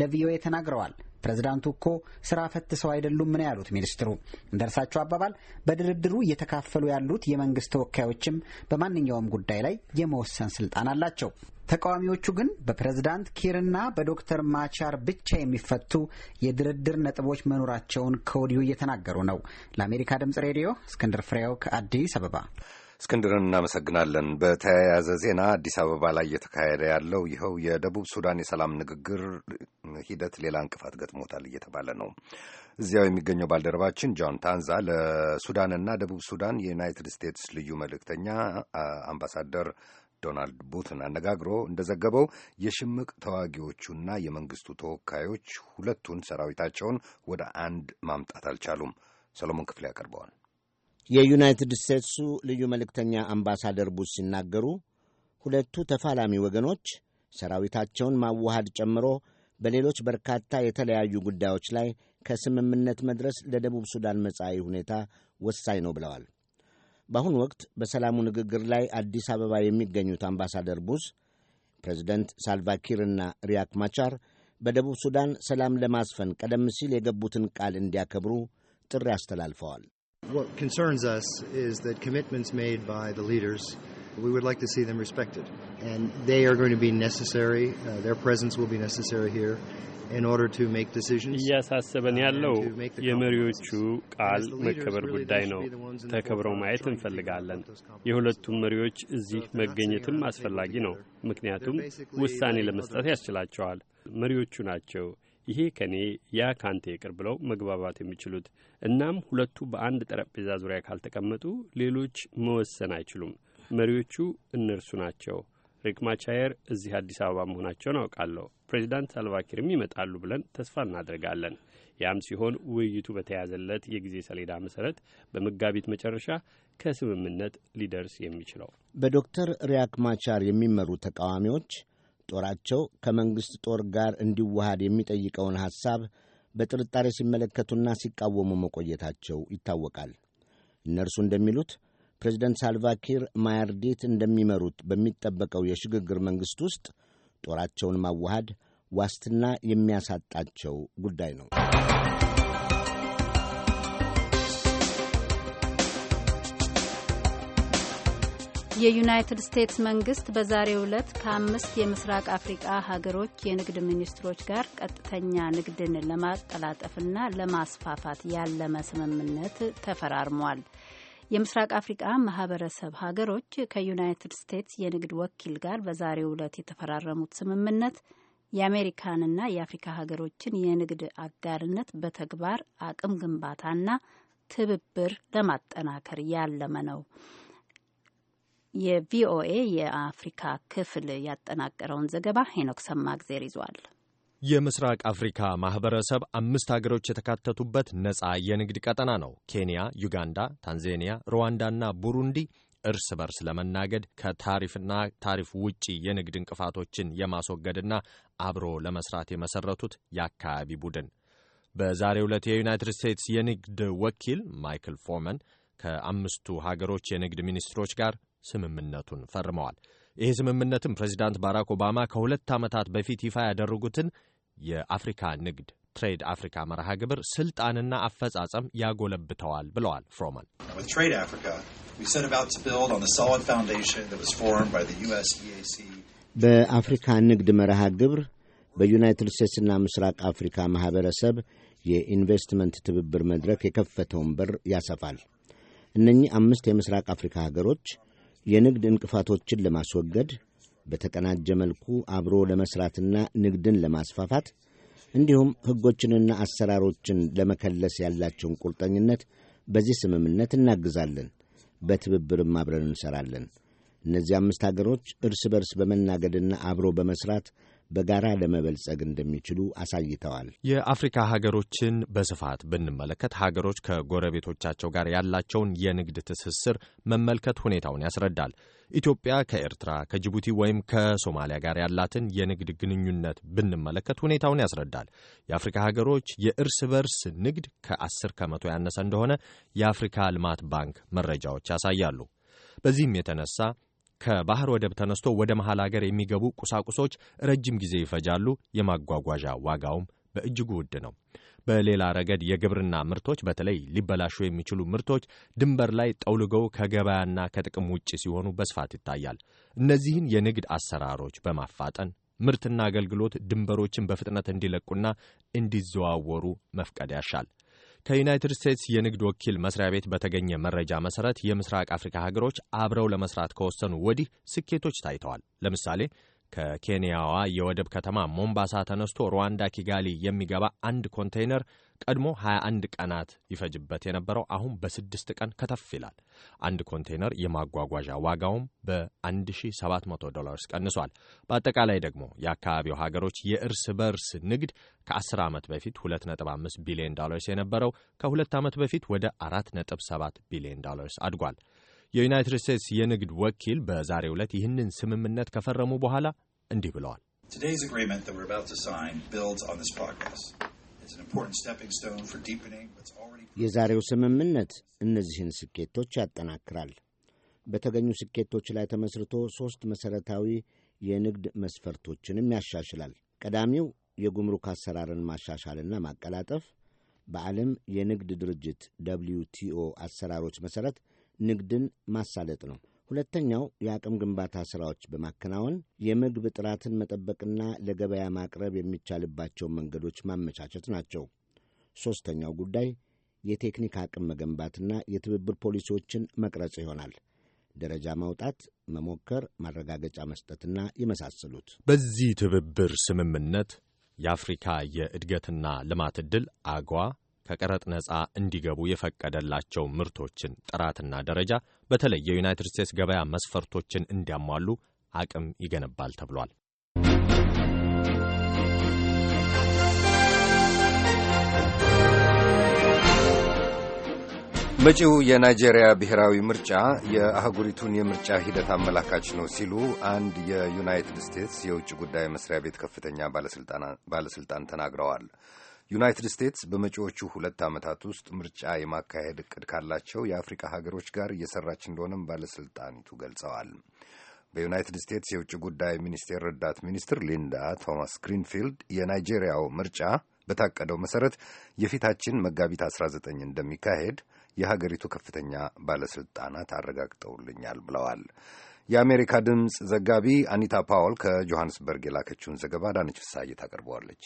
ለቪኦኤ ተናግረዋል። ፕሬዝዳንቱ እኮ ስራ ፈት ሰው አይደሉም ምን ያሉት ሚኒስትሩ። እንደ እርሳቸው አባባል በድርድሩ እየተካፈሉ ያሉት የመንግስት ተወካዮችም በማንኛውም ጉዳይ ላይ የመወሰን ስልጣን አላቸው። ተቃዋሚዎቹ ግን በፕሬዝዳንት ኪርና በዶክተር ማቻር ብቻ የሚፈቱ የድርድር ነጥቦች መኖራቸውን ከወዲሁ እየተናገሩ ነው። ለአሜሪካ ድምጽ ሬዲዮ እስክንድር ፍሬው ከአዲስ አበባ እስክንድርን እናመሰግናለን። በተያያዘ ዜና አዲስ አበባ ላይ እየተካሄደ ያለው ይኸው የደቡብ ሱዳን የሰላም ንግግር ሂደት ሌላ እንቅፋት ገጥሞታል እየተባለ ነው። እዚያው የሚገኘው ባልደረባችን ጆን ታንዛ ለሱዳንና ደቡብ ሱዳን የዩናይትድ ስቴትስ ልዩ መልእክተኛ አምባሳደር ዶናልድ ቡትን አነጋግሮ እንደዘገበው የሽምቅ ተዋጊዎቹና የመንግስቱ ተወካዮች ሁለቱን ሰራዊታቸውን ወደ አንድ ማምጣት አልቻሉም። ሰሎሞን ክፍሌ ያቀርበዋል። የዩናይትድ ስቴትሱ ልዩ መልእክተኛ አምባሳደር ቡሽ ሲናገሩ ሁለቱ ተፋላሚ ወገኖች ሰራዊታቸውን ማዋሃድ ጨምሮ በሌሎች በርካታ የተለያዩ ጉዳዮች ላይ ከስምምነት መድረስ ለደቡብ ሱዳን መጻኢ ሁኔታ ወሳኝ ነው ብለዋል። በአሁኑ ወቅት በሰላሙ ንግግር ላይ አዲስ አበባ የሚገኙት አምባሳደር ቡስ ፕሬዚደንት ሳልቫኪርና ሪያክ ማቻር በደቡብ ሱዳን ሰላም ለማስፈን ቀደም ሲል የገቡትን ቃል እንዲያከብሩ ጥሪ አስተላልፈዋል። What concerns us is that commitments made by the leaders, we would like to see them respected. And they are going to be necessary, uh, their presence will be necessary here. እያሳሰበን ያለው uh, የመሪዎቹ ቃል መከበር ጉዳይ ነው። ተከብረው ማየት እንፈልጋለን። የሁለቱም መሪዎች እዚህ መገኘትም አስፈላጊ ነው፣ ምክንያቱም ውሳኔ ለመስጠት ያስችላቸዋል። መሪዎቹ ናቸው ይሄ ከኔ ያ ካንተ ይቅር ብለው መግባባት የሚችሉት እናም ሁለቱ በአንድ ጠረጴዛ ዙሪያ ካልተቀመጡ ሌሎች መወሰን አይችሉም። መሪዎቹ እነርሱ ናቸው። ሪክ ማቻየር እዚህ አዲስ አበባ መሆናቸውን አውቃለሁ። ፕሬዚዳንት ሳልቫኪርም ይመጣሉ ብለን ተስፋ እናደርጋለን። ያም ሲሆን ውይይቱ በተያዘለት የጊዜ ሰሌዳ መሰረት በመጋቢት መጨረሻ ከስምምነት ሊደርስ የሚችለው በዶክተር ሪያክ ማቻር የሚመሩ ተቃዋሚዎች ጦራቸው ከመንግሥት ጦር ጋር እንዲዋሃድ የሚጠይቀውን ሐሳብ በጥርጣሬ ሲመለከቱና ሲቃወሙ መቆየታቸው ይታወቃል። እነርሱ እንደሚሉት ፕሬዚደንት ሳልቫኪር ማያርዲት እንደሚመሩት በሚጠበቀው የሽግግር መንግሥት ውስጥ ጦራቸውን ማዋሃድ ዋስትና የሚያሳጣቸው ጉዳይ ነው። የዩናይትድ ስቴትስ መንግስት በዛሬው ዕለት ከአምስት የምስራቅ አፍሪቃ ሀገሮች የንግድ ሚኒስትሮች ጋር ቀጥተኛ ንግድን ለማቀላጠፍና ለማስፋፋት ያለመ ስምምነት ተፈራርሟል። የምስራቅ አፍሪቃ ማህበረሰብ ሀገሮች ከዩናይትድ ስቴትስ የንግድ ወኪል ጋር በዛሬው ዕለት የተፈራረሙት ስምምነት የአሜሪካንና የአፍሪካ ሀገሮችን የንግድ አጋርነት በተግባር አቅም ግንባታና ትብብር ለማጠናከር ያለመ ነው። የቪኦኤ የአፍሪካ ክፍል ያጠናቀረውን ዘገባ ሄኖክ ሰማግዜር ይዟል። የምስራቅ አፍሪካ ማህበረሰብ አምስት ሀገሮች የተካተቱበት ነጻ የንግድ ቀጠና ነው። ኬንያ፣ ዩጋንዳ፣ ታንዛኒያ፣ ሩዋንዳና ቡሩንዲ እርስ በርስ ለመናገድ ከታሪፍና ታሪፍ ውጪ የንግድ እንቅፋቶችን የማስወገድና አብሮ ለመስራት የመሰረቱት የአካባቢ ቡድን በዛሬው ዕለት የዩናይትድ ስቴትስ የንግድ ወኪል ማይክል ፎርመን ከአምስቱ ሀገሮች የንግድ ሚኒስትሮች ጋር ስምምነቱን ፈርመዋል። ይህ ስምምነትም ፕሬዚዳንት ባራክ ኦባማ ከሁለት ዓመታት በፊት ይፋ ያደረጉትን የአፍሪካ ንግድ ትሬድ አፍሪካ መርሃ ግብር ስልጣንና አፈጻጸም ያጎለብተዋል ብለዋል ፍሮማን። በአፍሪካ ንግድ መርሃ ግብር በዩናይትድ ስቴትስና ምስራቅ አፍሪካ ማኅበረሰብ የኢንቨስትመንት ትብብር መድረክ የከፈተውን በር ያሰፋል። እነኚህ አምስት የምስራቅ አፍሪካ ሀገሮች የንግድ እንቅፋቶችን ለማስወገድ በተቀናጀ መልኩ አብሮ ለመሥራትና ንግድን ለማስፋፋት እንዲሁም ሕጎችንና አሰራሮችን ለመከለስ ያላቸውን ቁርጠኝነት በዚህ ስምምነት እናግዛለን። በትብብርም አብረን እንሠራለን። እነዚህ አምስት አገሮች እርስ በርስ በመናገድና አብሮ በመሥራት በጋራ ለመበልጸግ እንደሚችሉ አሳይተዋል። የአፍሪካ ሀገሮችን በስፋት ብንመለከት ሀገሮች ከጎረቤቶቻቸው ጋር ያላቸውን የንግድ ትስስር መመልከት ሁኔታውን ያስረዳል። ኢትዮጵያ ከኤርትራ፣ ከጅቡቲ ወይም ከሶማሊያ ጋር ያላትን የንግድ ግንኙነት ብንመለከት ሁኔታውን ያስረዳል። የአፍሪካ ሀገሮች የእርስ በርስ ንግድ ከአስር ከመቶ ያነሰ እንደሆነ የአፍሪካ ልማት ባንክ መረጃዎች ያሳያሉ። በዚህም የተነሳ ከባህር ወደብ ተነስቶ ወደ መሃል አገር የሚገቡ ቁሳቁሶች ረጅም ጊዜ ይፈጃሉ። የማጓጓዣ ዋጋውም በእጅጉ ውድ ነው። በሌላ ረገድ የግብርና ምርቶች በተለይ ሊበላሹ የሚችሉ ምርቶች ድንበር ላይ ጠውልገው ከገበያና ከጥቅም ውጭ ሲሆኑ በስፋት ይታያል። እነዚህን የንግድ አሰራሮች በማፋጠን ምርትና አገልግሎት ድንበሮችን በፍጥነት እንዲለቁና እንዲዘዋወሩ መፍቀድ ያሻል። ከዩናይትድ ስቴትስ የንግድ ወኪል መስሪያ ቤት በተገኘ መረጃ መሰረት የምስራቅ አፍሪካ ሀገሮች አብረው ለመስራት ከወሰኑ ወዲህ ስኬቶች ታይተዋል። ለምሳሌ ከኬንያዋ የወደብ ከተማ ሞምባሳ ተነስቶ ሩዋንዳ ኪጋሊ የሚገባ አንድ ኮንቴይነር ቀድሞ 21 ቀናት ይፈጅበት የነበረው አሁን በስድስት ቀን ከተፍ ይላል። አንድ ኮንቴይነር የማጓጓዣ ዋጋውም በ1700 ዶላርስ ቀንሷል። በአጠቃላይ ደግሞ የአካባቢው ሀገሮች የእርስ በርስ ንግድ ከ10 ዓመት በፊት 2.5 ቢሊዮን ዶላርስ የነበረው ከሁለት ዓመት በፊት ወደ 4.7 ቢሊዮን ዶላርስ አድጓል። የዩናይትድ ስቴትስ የንግድ ወኪል በዛሬ ዕለት ይህንን ስምምነት ከፈረሙ በኋላ እንዲህ ብለዋል። የዛሬው ስምምነት እነዚህን ስኬቶች ያጠናክራል። በተገኙ ስኬቶች ላይ ተመስርቶ ሦስት መሠረታዊ የንግድ መስፈርቶችንም ያሻሽላል። ቀዳሚው የጉምሩክ አሰራርን ማሻሻልና ማቀላጠፍ በዓለም የንግድ ድርጅት ደብልዩ አሰራሮች መሠረት ንግድን ማሳለጥ ነው። ሁለተኛው የአቅም ግንባታ ሥራዎች በማከናወን የምግብ ጥራትን መጠበቅና ለገበያ ማቅረብ የሚቻልባቸው መንገዶች ማመቻቸት ናቸው። ሦስተኛው ጉዳይ የቴክኒክ አቅም መገንባትና የትብብር ፖሊሲዎችን መቅረጽ ይሆናል። ደረጃ ማውጣት፣ መሞከር፣ ማረጋገጫ መስጠትና የመሳሰሉት። በዚህ ትብብር ስምምነት የአፍሪካ የእድገትና ልማት ዕድል አጓ ከቀረጥ ነጻ እንዲገቡ የፈቀደላቸው ምርቶችን ጥራትና ደረጃ በተለይ የዩናይትድ ስቴትስ ገበያ መስፈርቶችን እንዲያሟሉ አቅም ይገነባል ተብሏል። መጪው የናይጄሪያ ብሔራዊ ምርጫ የአህጉሪቱን የምርጫ ሂደት አመላካች ነው ሲሉ አንድ የዩናይትድ ስቴትስ የውጭ ጉዳይ መስሪያ ቤት ከፍተኛ ባለስልጣን ተናግረዋል። ዩናይትድ ስቴትስ በመጪዎቹ ሁለት ዓመታት ውስጥ ምርጫ የማካሄድ እቅድ ካላቸው የአፍሪካ ሀገሮች ጋር እየሰራች እንደሆነም ባለሥልጣኒቱ ገልጸዋል። በዩናይትድ ስቴትስ የውጭ ጉዳይ ሚኒስቴር ረዳት ሚኒስትር ሊንዳ ቶማስ ግሪንፊልድ የናይጄሪያው ምርጫ በታቀደው መሠረት የፊታችን መጋቢት 19 እንደሚካሄድ የሀገሪቱ ከፍተኛ ባለሥልጣናት አረጋግጠውልኛል ብለዋል። የአሜሪካ ድምፅ ዘጋቢ አኒታ ፓውል ከጆሐንስበርግ የላከችውን ዘገባ ዳነች ፍሳዬ ታቀርበዋለች።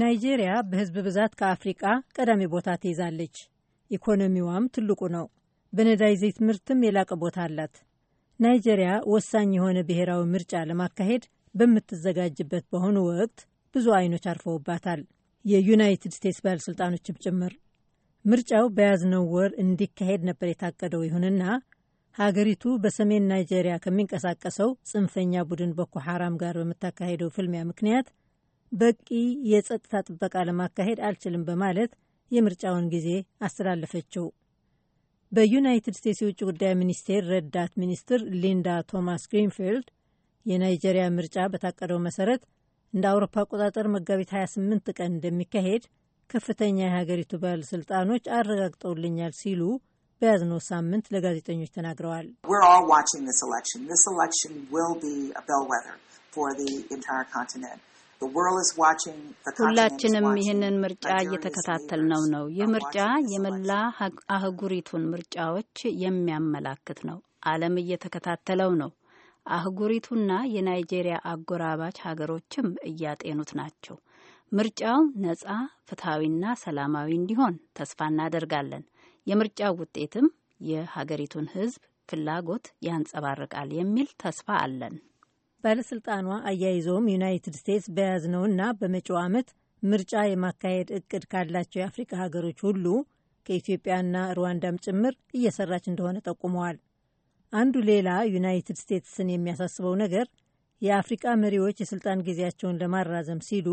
ናይጄሪያ በህዝብ ብዛት ከአፍሪቃ ቀዳሚ ቦታ ትይዛለች። ኢኮኖሚዋም ትልቁ ነው። በነዳጅ ዘይት ምርትም የላቀ ቦታ አላት። ናይጄሪያ ወሳኝ የሆነ ብሔራዊ ምርጫ ለማካሄድ በምትዘጋጅበት በአሁኑ ወቅት ብዙ አይኖች አርፈውባታል፣ የዩናይትድ ስቴትስ ባለሥልጣኖችም ጭምር። ምርጫው በያዝነው ወር እንዲካሄድ ነበር የታቀደው። ይሁንና ሀገሪቱ በሰሜን ናይጄሪያ ከሚንቀሳቀሰው ጽንፈኛ ቡድን ቦኮ ሐራም ጋር በምታካሄደው ፍልሚያ ምክንያት በቂ የጸጥታ ጥበቃ ለማካሄድ አልችልም በማለት የምርጫውን ጊዜ አስተላለፈችው። በዩናይትድ ስቴትስ የውጭ ጉዳይ ሚኒስቴር ረዳት ሚኒስትር ሊንዳ ቶማስ ግሪንፊልድ የናይጄሪያ ምርጫ በታቀደው መሰረት እንደ አውሮፓ አቆጣጠር መጋቢት 28 ቀን እንደሚካሄድ ከፍተኛ የሀገሪቱ ባለሥልጣኖች አረጋግጠውልኛል ሲሉ በያዝኖ ሳምንት ለጋዜጠኞች ተናግረዋል። ሁላችንም ይህንን ምርጫ እየተከታተልነው ነው። ይህ ምርጫ የመላ አህጉሪቱን ምርጫዎች የሚያመላክት ነው። ዓለም እየተከታተለው ነው። አህጉሪቱና የናይጄሪያ አጎራባች ሀገሮችም እያጤኑት ናቸው። ምርጫው ነጻ፣ ፍትሐዊና ሰላማዊ እንዲሆን ተስፋ እናደርጋለን። የምርጫው ውጤትም የሀገሪቱን ሕዝብ ፍላጎት ያንጸባርቃል የሚል ተስፋ አለን። ባለሥልጣኗ አያይዘውም ዩናይትድ ስቴትስ በያዝነውና በመጪው ዓመት ምርጫ የማካሄድ እቅድ ካላቸው የአፍሪካ ሀገሮች ሁሉ ከኢትዮጵያና ሩዋንዳም ጭምር እየሰራች እንደሆነ ጠቁመዋል። አንዱ ሌላ ዩናይትድ ስቴትስን የሚያሳስበው ነገር የአፍሪቃ መሪዎች የስልጣን ጊዜያቸውን ለማራዘም ሲሉ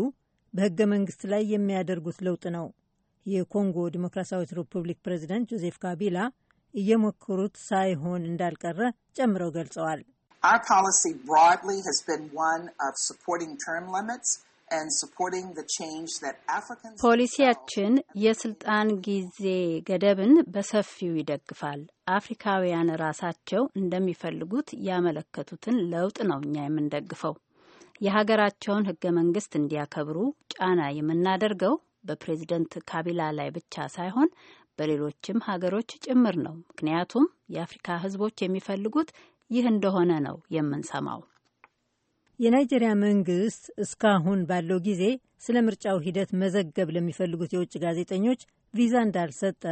በህገ መንግስት ላይ የሚያደርጉት ለውጥ ነው። የኮንጎ ዲሞክራሲያዊት ሪፑብሊክ ፕሬዚደንት ጆዜፍ ካቢላ እየሞከሩት ሳይሆን እንዳልቀረ ጨምረው ገልጸዋል። Our policy broadly has been one of supporting term limits ፖሊሲያችን የስልጣን ጊዜ ገደብን በሰፊው ይደግፋል። አፍሪካውያን ራሳቸው እንደሚፈልጉት ያመለከቱትን ለውጥ ነው እኛ የምንደግፈው። የሀገራቸውን ሕገ መንግስት እንዲያከብሩ ጫና የምናደርገው በፕሬዝደንት ካቢላ ላይ ብቻ ሳይሆን በሌሎችም ሀገሮች ጭምር ነው። ምክንያቱም የአፍሪካ ህዝቦች የሚፈልጉት ይህ እንደሆነ ነው የምንሰማው። የናይጄሪያ መንግስት እስካሁን ባለው ጊዜ ስለ ምርጫው ሂደት መዘገብ ለሚፈልጉት የውጭ ጋዜጠኞች ቪዛ እንዳልሰጠ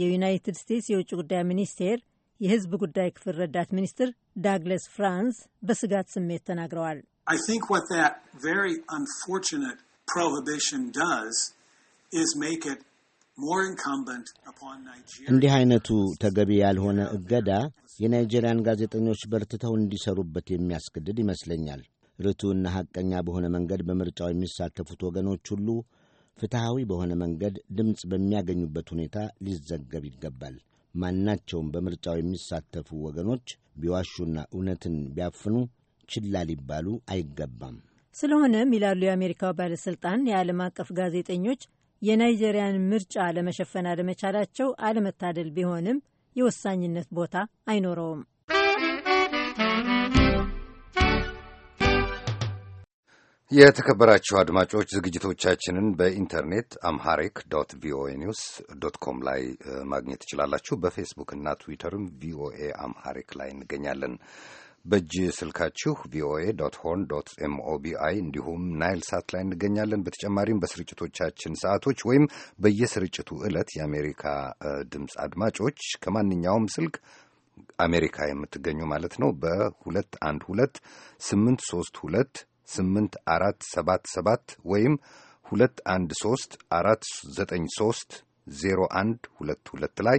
የዩናይትድ ስቴትስ የውጭ ጉዳይ ሚኒስቴር የህዝብ ጉዳይ ክፍል ረዳት ሚኒስትር ዳግለስ ፍራንስ በስጋት ስሜት ተናግረዋል። ፕሮሂቢሽን እንዲህ አይነቱ ተገቢ ያልሆነ እገዳ የናይጄሪያን ጋዜጠኞች በርትተው እንዲሰሩበት የሚያስገድድ ይመስለኛል። ርቱዕና ሐቀኛ በሆነ መንገድ በምርጫው የሚሳተፉት ወገኖች ሁሉ ፍትሐዊ በሆነ መንገድ ድምፅ በሚያገኙበት ሁኔታ ሊዘገብ ይገባል። ማናቸውም በምርጫው የሚሳተፉ ወገኖች ቢዋሹና እውነትን ቢያፍኑ ችላ ሊባሉ አይገባም። ስለሆነም ይላሉ የአሜሪካው ባለሥልጣን፣ የዓለም አቀፍ ጋዜጠኞች የናይጄሪያን ምርጫ ለመሸፈን አለመቻላቸው አለመታደል ቢሆንም የወሳኝነት ቦታ አይኖረውም። የተከበራችሁ አድማጮች ዝግጅቶቻችንን በኢንተርኔት አምሃሪክ ዶት ቪኦኤ ኒውስ ዶት ኮም ላይ ማግኘት ትችላላችሁ። በፌስቡክ እና ትዊተርም ቪኦኤ አምሃሪክ ላይ እንገኛለን። በእጅ ስልካችሁ ቪኦኤ ዶት ሆን ዶት ኤምኦቢአይ እንዲሁም ናይል ሳት ላይ እንገኛለን። በተጨማሪም በስርጭቶቻችን ሰዓቶች ወይም በየስርጭቱ ዕለት የአሜሪካ ድምፅ አድማጮች ከማንኛውም ስልክ አሜሪካ የምትገኙ ማለት ነው በ212 832 ስምንት አራት ሰባት ሰባት ወይም ሁለት አንድ ሶስት አራት ሁለት ሁለት ላይ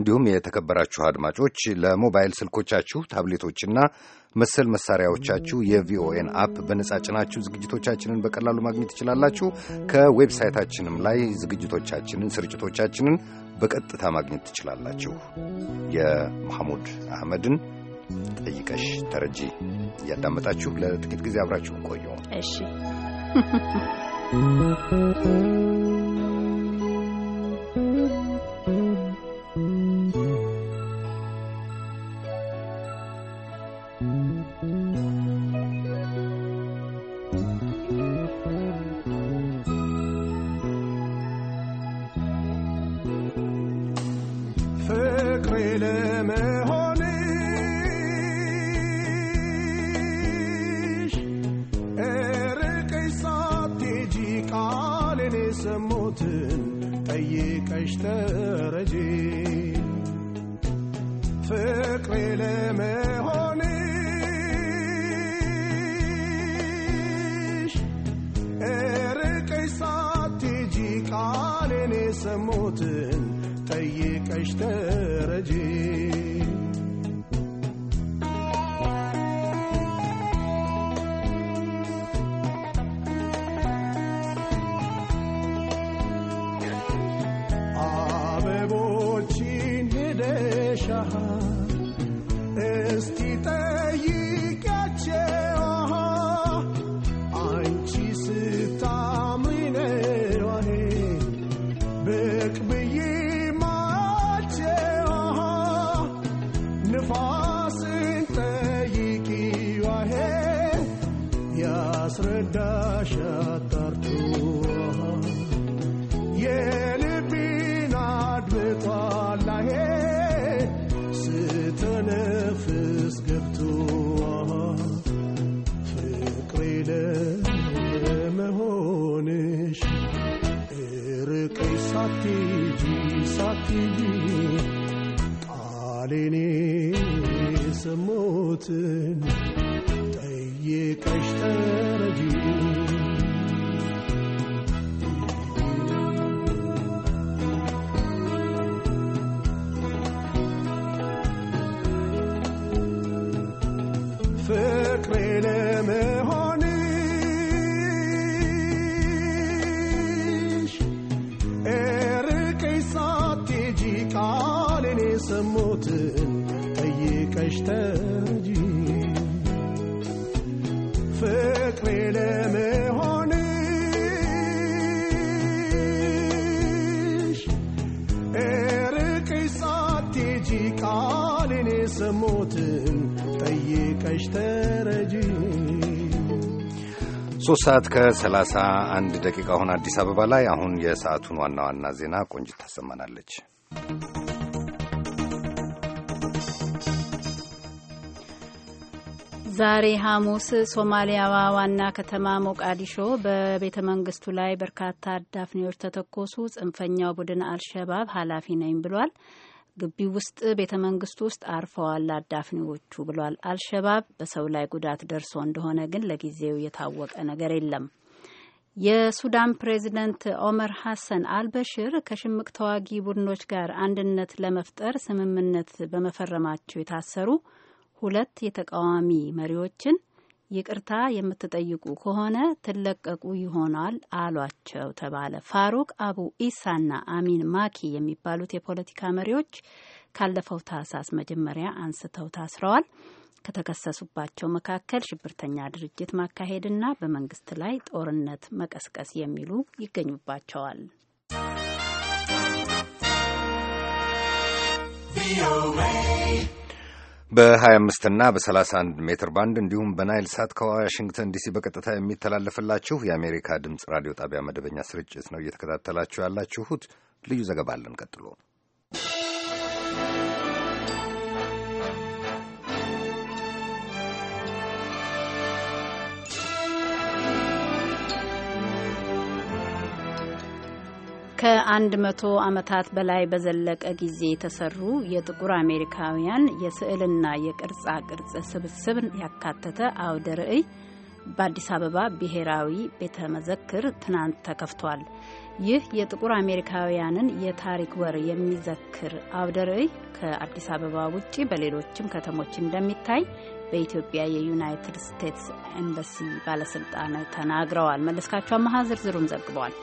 እንዲሁም የተከበራችሁ አድማጮች ለሞባይል ስልኮቻችሁ ታብሌቶችና መሰል መሳሪያዎቻችሁ የቪኦኤን አፕ በነጻ ጭናችሁ ዝግጅቶቻችንን በቀላሉ ማግኘት ትችላላችሁ። ከዌብሳይታችንም ላይ ዝግጅቶቻችንን፣ ስርጭቶቻችንን በቀጥታ ማግኘት ትችላላችሁ። የመሐሙድ አህመድን ጠይቀሽ ተረጂ እያዳመጣችሁ ለጥቂት ጊዜ አብራችሁ ቆዩ። እሺ [LAUGHS] ሰዓት ከሰላሳ አንድ ደቂቃ ሆነ አዲስ አበባ ላይ። አሁን የሰዓቱን ዋና ዋና ዜና ቆንጅት ታሰማናለች። ዛሬ ሐሙስ ሶማሊያዋ ዋና ከተማ ሞቃዲሾ በቤተ መንግስቱ ላይ በርካታ አዳፍኔዎች ተተኮሱ። ጽንፈኛው ቡድን አልሸባብ ኃላፊ ነኝ ብሏል። ግቢ ውስጥ ቤተ መንግስቱ ውስጥ አርፈዋል አዳፍኒዎቹ ብሏል። አልሸባብ በሰው ላይ ጉዳት ደርሶ እንደሆነ ግን ለጊዜው የታወቀ ነገር የለም። የሱዳን ፕሬዚደንት ኦመር ሐሰን አልበሽር ከሽምቅ ተዋጊ ቡድኖች ጋር አንድነት ለመፍጠር ስምምነት በመፈረማቸው የታሰሩ ሁለት የተቃዋሚ መሪዎችን ይቅርታ የምትጠይቁ ከሆነ ትለቀቁ ይሆናል አሏቸው ተባለ። ፋሩቅ አቡ ኢሳና አሚን ማኪ የሚባሉት የፖለቲካ መሪዎች ካለፈው ታህሳስ መጀመሪያ አንስተው ታስረዋል። ከተከሰሱባቸው መካከል ሽብርተኛ ድርጅት ማካሄድና በመንግስት ላይ ጦርነት መቀስቀስ የሚሉ ይገኙባቸዋል። ቪኦኤ በ25 እና በ31 ሜትር ባንድ እንዲሁም በናይል ሳት ከዋሽንግተን ዲሲ በቀጥታ የሚተላለፍላችሁ የአሜሪካ ድምፅ ራዲዮ ጣቢያ መደበኛ ስርጭት ነው እየተከታተላችሁ ያላችሁት። ልዩ ዘገባ አለን ቀጥሎ ከአንድ መቶ ዓመታት በላይ በዘለቀ ጊዜ የተሰሩ የጥቁር አሜሪካውያን የስዕልና የቅርጻ ቅርጽ ስብስብ ያካተተ አውደ ርዕይ በአዲስ አበባ ብሔራዊ ቤተ መዘክር ትናንት ተከፍቷል። ይህ የጥቁር አሜሪካውያንን የታሪክ ወር የሚዘክር አውደ ርዕይ ከአዲስ አበባ ውጪ በሌሎችም ከተሞች እንደሚታይ በኢትዮጵያ የዩናይትድ ስቴትስ ኤምባሲ ባለስልጣን ተናግረዋል። መለስካቸው አመሀ ዝርዝሩን ዘግበዋል።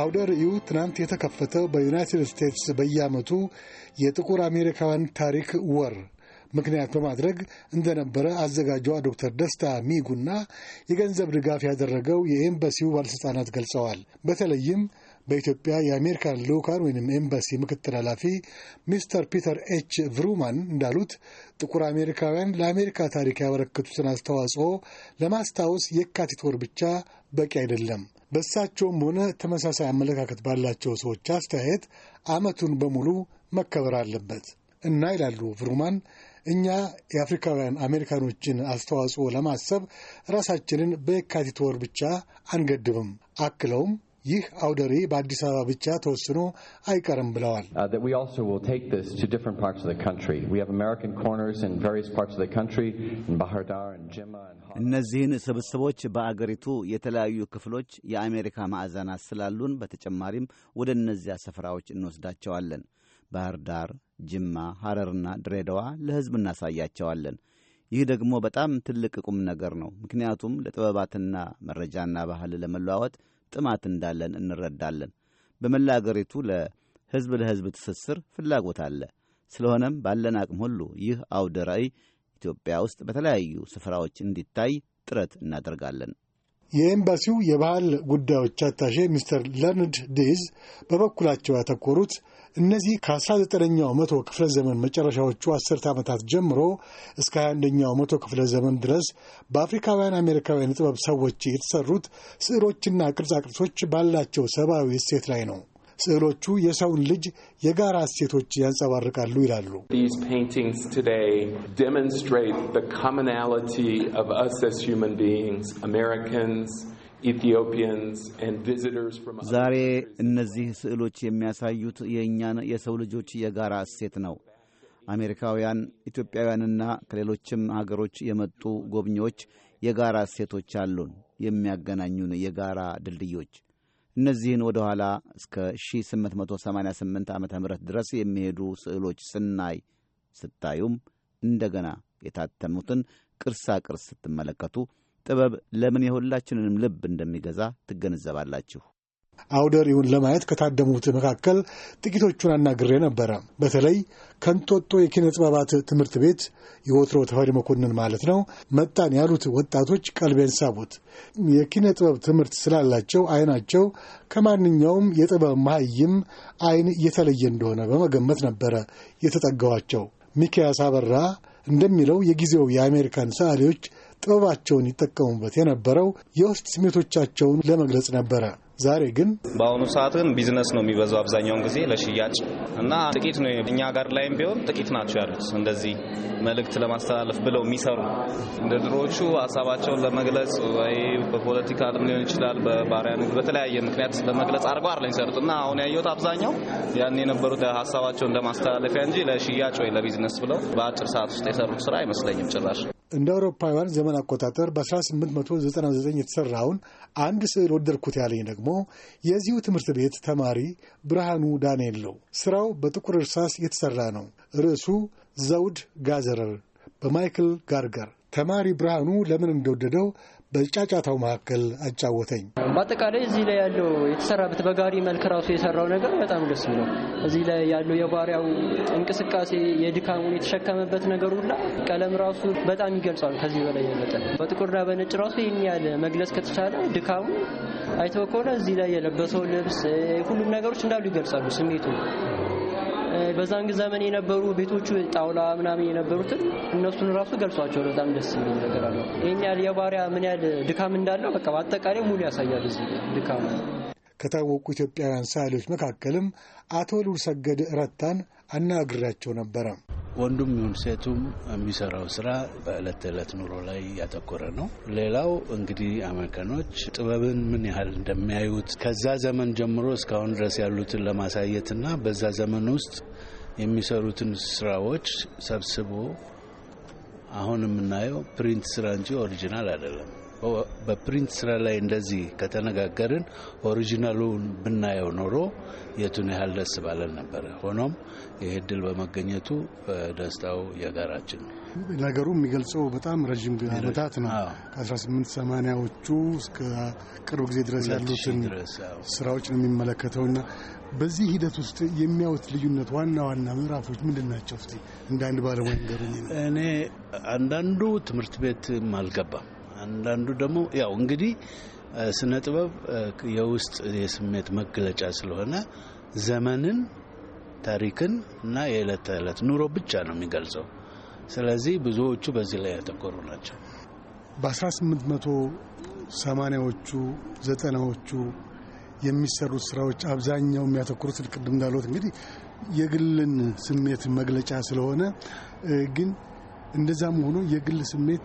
አውደ ርዕዩ ትናንት የተከፈተው በዩናይትድ ስቴትስ በየዓመቱ የጥቁር አሜሪካውያን ታሪክ ወር ምክንያት በማድረግ እንደነበረ አዘጋጇ ዶክተር ደስታ ሚጉና የገንዘብ ድጋፍ ያደረገው የኤምባሲው ባለሥልጣናት ገልጸዋል። በተለይም በኢትዮጵያ የአሜሪካን ልዑካን ወይም ኤምባሲ ምክትል ኃላፊ ሚስተር ፒተር ኤች ቭሩማን እንዳሉት ጥቁር አሜሪካውያን ለአሜሪካ ታሪክ ያበረከቱትን አስተዋጽኦ ለማስታወስ የካቲት ወር ብቻ በቂ አይደለም። በእሳቸውም ሆነ ተመሳሳይ አመለካከት ባላቸው ሰዎች አስተያየት ዓመቱን በሙሉ መከበር አለበት እና ይላሉ ቭሩማን እኛ የአፍሪካውያን አሜሪካኖችን አስተዋጽኦ ለማሰብ ራሳችንን በየካቲት ወር ብቻ አንገድብም። አክለውም ይህ አውደ ርዕይ በአዲስ አበባ ብቻ ተወስኖ አይቀርም ብለዋል። uh, እነዚህን ስብስቦች በአገሪቱ የተለያዩ ክፍሎች የአሜሪካ ማዕዘናት ስላሉን በተጨማሪም ወደ እነዚያ ስፍራዎች እንወስዳቸዋለን። ባህር ዳር፣ ጅማ፣ ሐረርና ድሬዳዋ ለሕዝብ እናሳያቸዋለን። ይህ ደግሞ በጣም ትልቅ ቁም ነገር ነው። ምክንያቱም ለጥበባትና መረጃና ባህል ለመለዋወጥ ጥማት እንዳለን እንረዳለን። በመላ አገሪቱ ለሕዝብ ለሕዝብ ትስስር ፍላጎት አለ። ስለሆነም ባለን አቅም ሁሉ ይህ አውደ ኢትዮጵያ ውስጥ በተለያዩ ስፍራዎች እንዲታይ ጥረት እናደርጋለን። የኤምባሲው የባህል ጉዳዮች አታሼ ሚስተር ለርንድ ዲዝ በበኩላቸው ያተኮሩት እነዚህ ከ19ኛው መቶ ክፍለ ዘመን መጨረሻዎቹ አስርተ ዓመታት ጀምሮ እስከ 21ኛው መቶ ክፍለ ዘመን ድረስ በአፍሪካውያን አሜሪካውያን ጥበብ ሰዎች የተሰሩት ስዕሎችና ቅርጻቅርጾች ባላቸው ሰብአዊ እሴት ላይ ነው። ስዕሎቹ የሰውን ልጅ የጋራ እሴቶች ያንጸባርቃሉ ይላሉ። ዛሬ እነዚህ ስዕሎች የሚያሳዩት የእኛን የሰው ልጆች የጋራ እሴት ነው። አሜሪካውያን፣ ኢትዮጵያውያንና ከሌሎችም ሀገሮች የመጡ ጎብኚዎች የጋራ እሴቶች አሉን፣ የሚያገናኙን የጋራ ድልድዮች እነዚህን ወደ ኋላ እስከ 1888 ዓ ም ድረስ የሚሄዱ ስዕሎች ስናይ ስታዩም እንደገና የታተሙትን ቅርሳ ቅርስ ስትመለከቱ ጥበብ ለምን የሁላችንንም ልብ እንደሚገዛ ትገነዘባላችሁ። አውደ ርዕዩን ለማየት ከታደሙት መካከል ጥቂቶቹን አናግሬ ነበረ። በተለይ ከንጦጦ የኪነ ጥበባት ትምህርት ቤት የወትሮ ተፈሪ መኮንን ማለት ነው መጣን ያሉት ወጣቶች ቀልቤን ሳቡት። የኪነ ጥበብ ትምህርት ስላላቸው አይናቸው ከማንኛውም የጥበብ መሀይም አይን እየተለየ እንደሆነ በመገመት ነበረ የተጠገዋቸው። ሚኪያስ አበራ እንደሚለው የጊዜው የአሜሪካን ሰዓሊዎች ጥበባቸውን ይጠቀሙበት የነበረው የውስጥ ስሜቶቻቸውን ለመግለጽ ነበረ። ዛሬ ግን በአሁኑ ሰዓት ግን ቢዝነስ ነው የሚበዛው አብዛኛውን ጊዜ ለሽያጭ እና ጥቂት ነው። እኛ ጋር ላይም ቢሆን ጥቂት ናቸው ያሉት እንደዚህ መልእክት ለማስተላለፍ ብለው የሚሰሩ እንደ ድሮዎቹ ሀሳባቸውን ለመግለጽ ወይ በፖለቲካ ሊሆን ይችላል፣ በባሪያ ንግድ፣ በተለያየ ምክንያት ለመግለጽ አድርገው አለ ይሰሩት እና አሁን ያየሁት አብዛኛው ያን የነበሩት ሀሳባቸውን ለማስተላለፊያ እንጂ ለሽያጭ ወይ ለቢዝነስ ብለው በአጭር ሰዓት ውስጥ የሰሩት ስራ አይመስለኝም ጭራሽ። እንደ አውሮፓውያን ዘመን አቆጣጠር በ1899 የተሰራውን አንድ ስዕል ወደድኩት ያለኝ ደግሞ የዚሁ ትምህርት ቤት ተማሪ ብርሃኑ ዳንኤል ነው። ስራው በጥቁር እርሳስ የተሰራ ነው። ርዕሱ ዘውድ ጋዘረር በማይክል ጋርጋር። ተማሪ ብርሃኑ ለምን እንደወደደው በጫጫታው መካከል አጫወተኝ። በአጠቃላይ እዚህ ላይ ያለው የተሰራበት በጋሪ መልክ ራሱ የሰራው ነገር በጣም ደስ ይላል። እዚህ ላይ ያለው የባሪያው እንቅስቃሴ የድካሙን የተሸከመበት ነገር ሁላ ቀለም ራሱ በጣም ይገልጿል። ከዚህ በላይ የመጠ በጥቁርና በነጭ ራሱ ይህን ያለ መግለጽ ከተቻለ ድካሙ አይተው ከሆነ እዚህ ላይ የለበሰው ልብስ ሁሉም ነገሮች እንዳሉ ይገልጻሉ ስሜቱ በዛን ዘመን የነበሩ ቤቶቹ ጣውላ ምናምን የነበሩትን እነሱን ራሱ ገልጿቸው በጣም ደስ የሚል ነገር አለ። ይህን ያህል የባሪያ ምን ያህል ድካም እንዳለው በቃ በአጠቃላይ ሙሉ ያሳያል። እዚህ ድካም ከታወቁ ኢትዮጵያውያን ሰዓሊዎች መካከልም አቶ ሉል ሰገድ ረታን አናግሬያቸው ነበረ። ወንዱም ይሁን ሴቱም የሚሰራው ስራ በዕለት ተዕለት ኑሮ ላይ ያተኮረ ነው። ሌላው እንግዲህ አሜሪካኖች ጥበብን ምን ያህል እንደሚያዩት ከዛ ዘመን ጀምሮ እስካሁን ድረስ ያሉትን ለማሳየትና በዛ ዘመን ውስጥ የሚሰሩትን ስራዎች ሰብስቦ አሁን የምናየው ፕሪንት ስራ እንጂ ኦሪጂናል አይደለም። በፕሪንት ስራ ላይ እንደዚህ ከተነጋገርን ኦሪጂናሉን ብናየው ኖሮ የቱን ያህል ደስ ባለን ነበረ። ሆኖም ይህ እድል በመገኘቱ ደስታው የጋራችን ነው። ነገሩ የሚገልጸው በጣም ረዥም ዓመታት ነው። ከ1880ዎቹ እስከ ቅርብ ጊዜ ድረስ ያሉትን ስራዎች ነው የሚመለከተውና በዚህ ሂደት ውስጥ የሚያዩት ልዩነት ዋና ዋና ምዕራፎች ምንድን ናቸው? እስኪ እንደ አንድ ባለሙያ ነገሩ እኔ አንዳንዱ ትምህርት ቤት አልገባም አንዳንዱ ደግሞ ያው እንግዲህ ስነ ጥበብ የውስጥ የስሜት መገለጫ ስለሆነ ዘመንን፣ ታሪክን እና የዕለት ተዕለት ኑሮ ብቻ ነው የሚገልጸው። ስለዚህ ብዙዎቹ በዚህ ላይ ያተኮሩ ናቸው። በ1880ዎቹ ዘጠናዎቹ የሚሰሩት ስራዎች አብዛኛው የሚያተኩሩት ቅድም እንዳሉት እንግዲህ የግልን ስሜት መግለጫ ስለሆነ ግን እንደዛም ሆኖ የግል ስሜት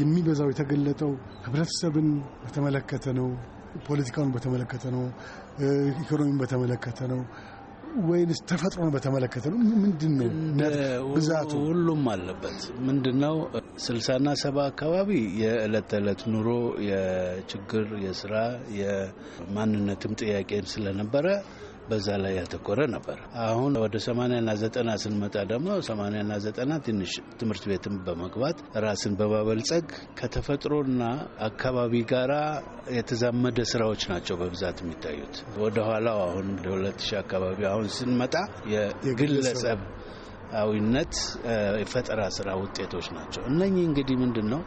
የሚበዛው የተገለጠው ህብረተሰብን በተመለከተ ነው፣ ፖለቲካውን በተመለከተ ነው፣ ኢኮኖሚን በተመለከተ ነው ወይንስ ተፈጥሮን በተመለከተ ነው? ምንድን ነው ብዛቱ? ሁሉም አለበት። ምንድን ነው ስልሳና ሰባ አካባቢ የዕለት ተዕለት ኑሮ የችግር የስራ የማንነትም ጥያቄ ስለነበረ በዛ ላይ ያተኮረ ነበር። አሁን ወደ ሰማንያና ዘጠና ስንመጣ ደግሞ ሰማንያና ዘጠና ትንሽ ትምህርት ቤትን በመግባት ራስን በማበልጸግ ከተፈጥሮና አካባቢ ጋራ የተዛመደ ስራዎች ናቸው በብዛት የሚታዩት። ወደኋላው አሁን ወደ ሁለት ሺህ አካባቢ አሁን ስንመጣ የግለሰብ አዊነት የፈጠራ ስራ ውጤቶች ናቸው። እነኚህ እንግዲህ ምንድን ነው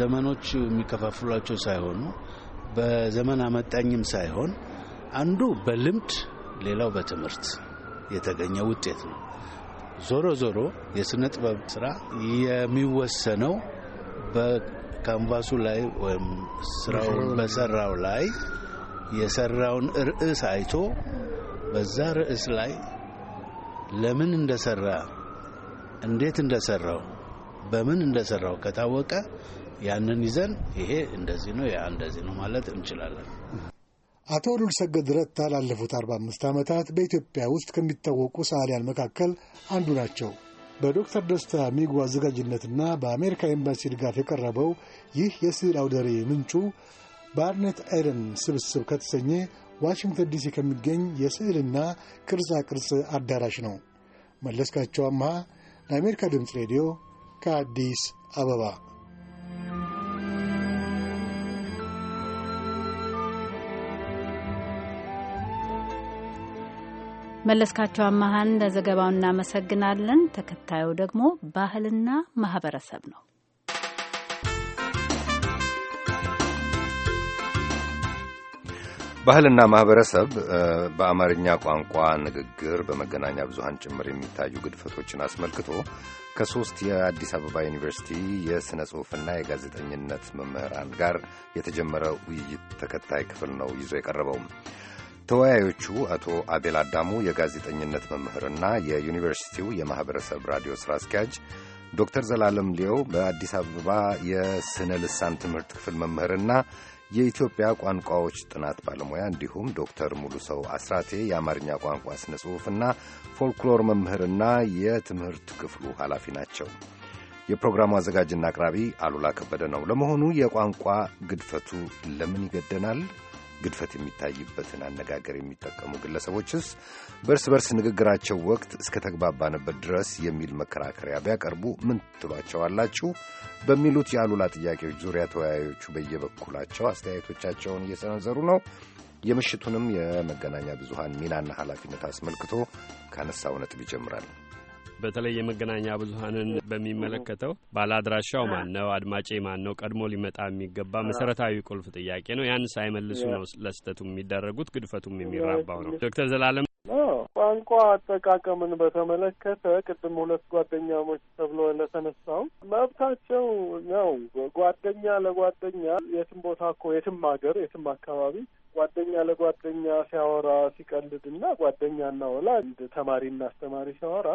ዘመኖች የሚከፋፍሏቸው ሳይሆኑ በዘመን አመጣኝም ሳይሆን አንዱ በልምድ ሌላው በትምህርት የተገኘ ውጤት ነው። ዞሮ ዞሮ የስነ ጥበብ ስራ የሚወሰነው በካንቫሱ ላይ ወይም ስራውን በሰራው ላይ የሰራውን ርዕስ አይቶ በዛ ርዕስ ላይ ለምን እንደሰራ እንዴት እንደሰራው በምን እንደሰራው ከታወቀ ያንን ይዘን ይሄ እንደዚህ ነው ያ እንደዚህ ነው ማለት እንችላለን። አቶ ሉልሰገድ ረታ ላለፉት 45 ዓመታት በኢትዮጵያ ውስጥ ከሚታወቁ ሰዓሊያን መካከል አንዱ ናቸው። በዶክተር ደስታ ሚጉ አዘጋጅነትና በአሜሪካ ኤምባሲ ድጋፍ የቀረበው ይህ የስዕል አውደ ርዕይ ምንጩ ባርኔት አይረን ስብስብ ከተሰኘ ዋሽንግተን ዲሲ ከሚገኝ የስዕልና ቅርጻ ቅርጽ አዳራሽ ነው። መለስካቸው አምሃ ለአሜሪካ ድምፅ ሬዲዮ ከአዲስ አበባ መለስካቸው አመሀን ለዘገባው እናመሰግናለን። ተከታዩ ደግሞ ባህልና ማህበረሰብ ነው። ባህልና ማህበረሰብ በአማርኛ ቋንቋ ንግግር በመገናኛ ብዙሃን ጭምር የሚታዩ ግድፈቶችን አስመልክቶ ከሶስት የአዲስ አበባ ዩኒቨርሲቲ የሥነ ጽሑፍና የጋዜጠኝነት መምህራን ጋር የተጀመረ ውይይት ተከታይ ክፍል ነው ይዞ የቀረበው። ተወያዮቹ አቶ አቤል አዳሙ የጋዜጠኝነት መምህርና የዩኒቨርሲቲው የማኅበረሰብ ራዲዮ ሥራ አስኪያጅ፣ ዶክተር ዘላለም ሊዮ በአዲስ አበባ የሥነ ልሳን ትምህርት ክፍል መምህርና የኢትዮጵያ ቋንቋዎች ጥናት ባለሙያ እንዲሁም ዶክተር ሙሉ ሰው አስራቴ የአማርኛ ቋንቋ ሥነ ጽሑፍና ፎልክሎር መምህርና የትምህርት ክፍሉ ኃላፊ ናቸው። የፕሮግራሙ አዘጋጅና አቅራቢ አሉላ ከበደ ነው። ለመሆኑ የቋንቋ ግድፈቱ ለምን ይገደናል? ግድፈት የሚታይበትን አነጋገር የሚጠቀሙ ግለሰቦችስ በእርስ በርስ ንግግራቸው ወቅት እስከ ተግባባንበት ድረስ የሚል መከራከሪያ ቢያቀርቡ ምን ትሏቸዋላችሁ? በሚሉት የአሉላ ጥያቄዎች ዙሪያ ተወያዮቹ በየበኩላቸው አስተያየቶቻቸውን እየሰነዘሩ ነው። የምሽቱንም የመገናኛ ብዙሃን ሚናና ኃላፊነት አስመልክቶ ካነሳው ነጥብ ይጀምራል። በተለይ የመገናኛ ብዙሀንን በሚመለከተው ባለአድራሻው ማን ነው፣ አድማጬ ማን ነው ቀድሞ ሊመጣ የሚገባ መሰረታዊ ቁልፍ ጥያቄ ነው። ያን ሳይመልሱ ነው ለስተቱ የሚደረጉት ግድፈቱም የሚራባው ነው። ዶክተር ዘላለም ቋንቋ አጠቃቀምን በተመለከተ ቅድም ሁለት ጓደኛሞች ተብሎ ለተነሳው መብታቸው ነው። ጓደኛ ለጓደኛ የትም ቦታ እኮ የትም ሀገር የትም አካባቢ ጓደኛ ለጓደኛ ሲያወራ ሲቀልድ እና ጓደኛና ወላ ተማሪና አስተማሪ ሲያወራ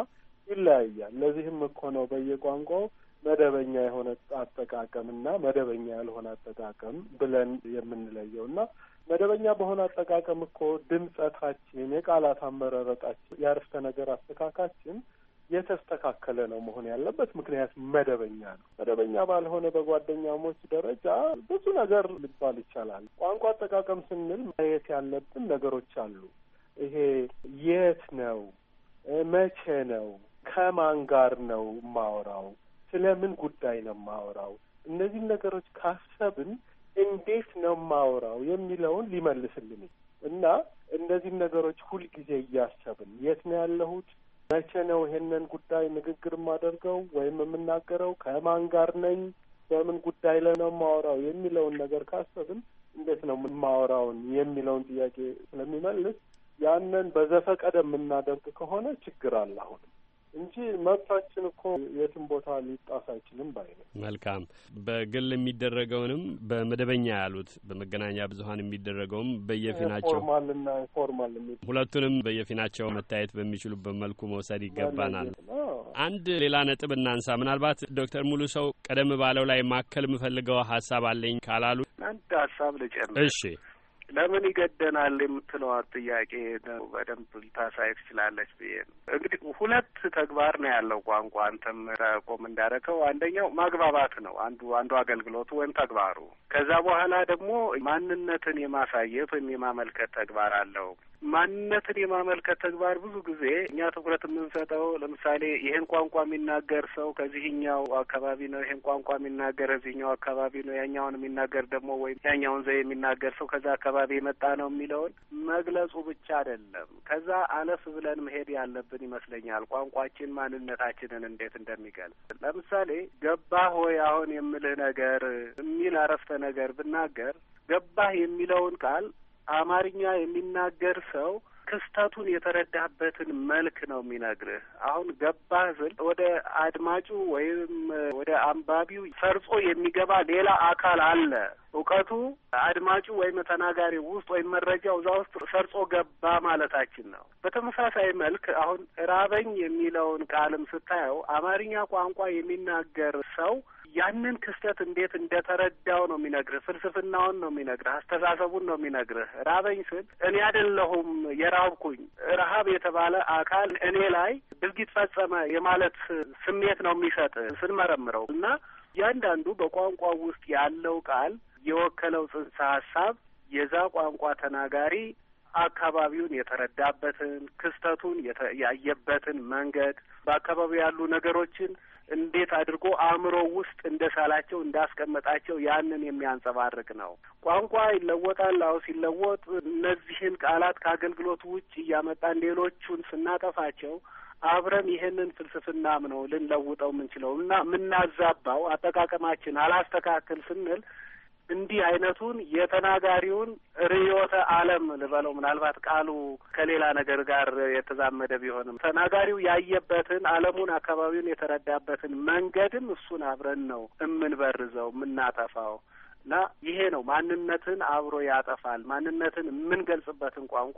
ይለያያል። ለዚህም እኮ ነው በየቋንቋው መደበኛ የሆነ አጠቃቀም እና መደበኛ ያልሆነ አጠቃቀም ብለን የምንለየው እና መደበኛ በሆነ አጠቃቀም እኮ ድምጸታችን፣ የቃላት አመራረጣችን፣ የአረፍተ ነገር አስተካካችን የተስተካከለ ነው መሆን ያለበት። ምክንያት መደበኛ ነው። መደበኛ ባልሆነ በጓደኛሞች ደረጃ ብዙ ነገር ሊባል ይቻላል። ቋንቋ አጠቃቀም ስንል ማየት ያለብን ነገሮች አሉ። ይሄ የት ነው፣ መቼ ነው ከማን ጋር ነው ማወራው፣ ስለምን ጉዳይ ነው ማወራው፣ እነዚህን ነገሮች ካሰብን እንዴት ነው ማወራው የሚለውን ሊመልስልን እና እነዚህን ነገሮች ሁልጊዜ እያሰብን የት ነው ያለሁት፣ መቼ ነው ይሄንን ጉዳይ ንግግር የማደርገው ወይም የምናገረው፣ ከማን ጋር ነኝ፣ በምን ጉዳይ ላይ ነው ማወራው የሚለውን ነገር ካሰብን እንዴት ነው የማወራውን የሚለውን ጥያቄ ስለሚመልስ ያንን በዘፈቀደ የምናደርግ ከሆነ ችግር አለ አሁንም እንጂ መብታችን እኮ የትም ቦታ ሊጣስ አይችልም ባይ ነው። መልካም በግል የሚደረገውንም በመደበኛ ያሉት በመገናኛ ብዙኃን የሚደረገውም በየፊናቸው ፎርማልና ኢንፎርማል የሚ ሁለቱንም በየፊናቸው መታየት በሚችሉበት መልኩ መውሰድ ይገባናል። አንድ ሌላ ነጥብ እናንሳ። ምናልባት ዶክተር ሙሉ ሰው ቀደም ባለው ላይ ማከል የምፈልገው ሀሳብ አለኝ ካላሉ አንድ ሀሳብ ልጨምር። እሺ ለምን ይገደናል የምትለዋት ጥያቄ ነው በደንብ ልታሳይ ትችላለች ብዬ ነው። እንግዲህ ሁለት ተግባር ነው ያለው ቋንቋ። አንተም ጠቆም እንዳደረከው አንደኛው ማግባባት ነው፣ አንዱ አንዱ አገልግሎቱ ወይም ተግባሩ። ከዛ በኋላ ደግሞ ማንነትን የማሳየት ወይም የማመልከት ተግባር አለው። ማንነትን የማመልከት ተግባር ብዙ ጊዜ እኛ ትኩረት የምንሰጠው ለምሳሌ ይሄን ቋንቋ የሚናገር ሰው ከዚህኛው አካባቢ ነው፣ ይህን ቋንቋ የሚናገር ከዚህኛው አካባቢ ነው፣ ያኛውን የሚናገር ደግሞ ወይም ያኛውን ዘ የሚናገር ሰው ከዛ አካባቢ የመጣ ነው የሚለውን መግለጹ ብቻ አይደለም። ከዛ አለፍ ብለን መሄድ ያለብን ይመስለኛል። ቋንቋችን ማንነታችንን እንዴት እንደሚገልጽ ለምሳሌ ገባህ ወይ አሁን የምልህ ነገር የሚል አረፍተ ነገር ብናገር ገባህ የሚለውን ቃል አማርኛ የሚናገር ሰው ክስተቱን የተረዳበትን መልክ ነው የሚነግርህ። አሁን ገባህ ስል ወደ አድማጩ ወይም ወደ አንባቢው ሰርጾ የሚገባ ሌላ አካል አለ። እውቀቱ አድማጩ ወይም ተናጋሪ ውስጥ ወይም መረጃው እዛ ውስጥ ሰርጾ ገባ ማለታችን ነው። በተመሳሳይ መልክ አሁን ራበኝ የሚለውን ቃልም ስታየው አማርኛ ቋንቋ የሚናገር ሰው ያንን ክስተት እንዴት እንደተረዳው ነው የሚነግርህ። ፍልስፍናውን ነው የሚነግርህ። አስተሳሰቡን ነው የሚነግርህ። ራበኝ ስል እኔ አይደለሁም የራብኩኝ፣ ረሀብ የተባለ አካል እኔ ላይ ድርጊት ፈጸመ የማለት ስሜት ነው የሚሰጥ ስንመረምረው እና እያንዳንዱ በቋንቋ ውስጥ ያለው ቃል የወከለው ጽንሰ ሀሳብ የዛ ቋንቋ ተናጋሪ አካባቢውን የተረዳበትን ክስተቱን ያየበትን መንገድ በአካባቢው ያሉ ነገሮችን እንዴት አድርጎ አእምሮ ውስጥ እንደሳላቸው እንዳስቀመጣቸው ያንን የሚያንጸባርቅ ነው። ቋንቋ ይለወጣል። ላው ሲለወጥ እነዚህን ቃላት ከአገልግሎት ውጭ እያመጣን ሌሎቹን ስናጠፋቸው አብረን ይህንን ፍልስፍናም ነው ልንለውጠው የምንችለው እና የምናዛባው አጠቃቀማችን አላስተካክል ስንል እንዲህ አይነቱን የተናጋሪውን ርዕዮተ ዓለም ልበለው ምናልባት ቃሉ ከሌላ ነገር ጋር የተዛመደ ቢሆንም ተናጋሪው ያየበትን ዓለሙን፣ አካባቢውን የተረዳበትን መንገድም እሱን አብረን ነው እምንበርዘው የምናጠፋው እና ይሄ ነው ማንነትን አብሮ ያጠፋል። ማንነትን የምንገልጽበትን ቋንቋ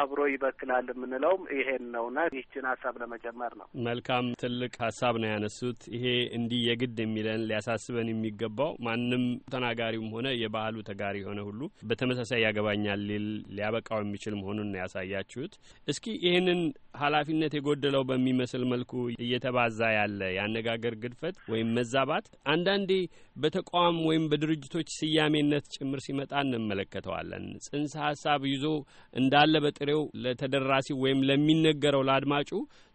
አብሮ ይበክላል የምንለውም ይሄን ነውና ይህችን ሀሳብ ለመጨመር ነው። መልካም ትልቅ ሀሳብ ነው ያነሱት። ይሄ እንዲህ የግድ የሚለን ሊያሳስበን የሚገባው ማንም ተናጋሪውም ሆነ የባህሉ ተጋሪ የሆነ ሁሉ በተመሳሳይ ያገባኛል ሊል ሊያበቃው የሚችል መሆኑን ነው ያሳያችሁት። እስኪ ይህንን ኃላፊነት የጎደለው በሚመስል መልኩ እየተባዛ ያለ የአነጋገር ግድፈት ወይም መዛባት አንዳንዴ በተቋም ወይም በድርጅቶች ስያሜነት ጭምር ሲመጣ እንመለከተዋለን። ጽንሰ ሀሳብ ይዞ እንዳለ በጥሬው ለተደራሲ ወይም ለሚነገረው ለአድማጩ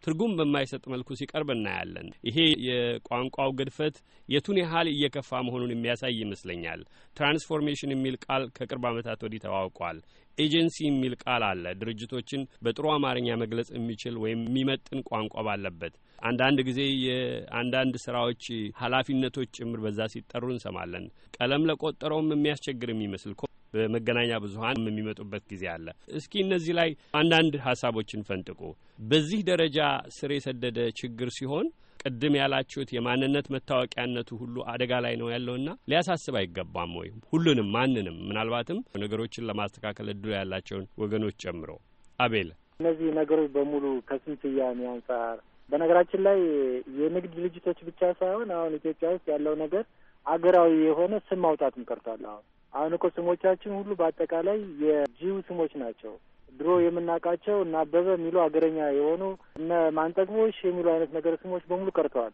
ትርጉም በማይሰጥ መልኩ ሲቀርብ እናያለን። ይሄ የቋንቋው ግድፈት የቱን ያህል እየከፋ መሆኑን የሚያሳይ ይመስለኛል። ትራንስፎርሜሽን የሚል ቃል ከቅርብ ዓመታት ወዲህ ተዋውቋል። ኤጀንሲ የሚል ቃል አለ። ድርጅቶችን በጥሩ አማርኛ መግለጽ የሚችል ወይም የሚመጥን ቋንቋ ባለበት አንዳንድ ጊዜ የአንዳንድ ስራዎች ኃላፊነቶች ጭምር በዛ ሲጠሩ እንሰማለን። ቀለም ለቆጠረውም የሚያስቸግር የሚመስል በመገናኛ ብዙኃን የሚመጡበት ጊዜ አለ። እስኪ እነዚህ ላይ አንዳንድ ሀሳቦችን ፈንጥቁ። በዚህ ደረጃ ስር የሰደደ ችግር ሲሆን ቅድም ያላችሁት የማንነት መታወቂያነቱ ሁሉ አደጋ ላይ ነው ያለውና ሊያሳስብ አይገባም ወይ? ሁሉንም ማንንም፣ ምናልባትም ነገሮችን ለማስተካከል እድሉ ያላቸውን ወገኖች ጨምሮ። አቤል፣ እነዚህ ነገሮች በሙሉ ከስም ስያሜ አንጻር በነገራችን ላይ የንግድ ድርጅቶች ብቻ ሳይሆን አሁን ኢትዮጵያ ውስጥ ያለው ነገር አገራዊ የሆነ ስም ማውጣትም ቀርቷል አሁን አሁን እኮ ስሞቻችን ሁሉ በአጠቃላይ የጂው ስሞች ናቸው። ድሮ የምናውቃቸው እነ አበበ የሚሉ አገረኛ የሆኑ እነ ማንጠግቦሽ የሚሉ አይነት ነገር ስሞች በሙሉ ቀርተዋል።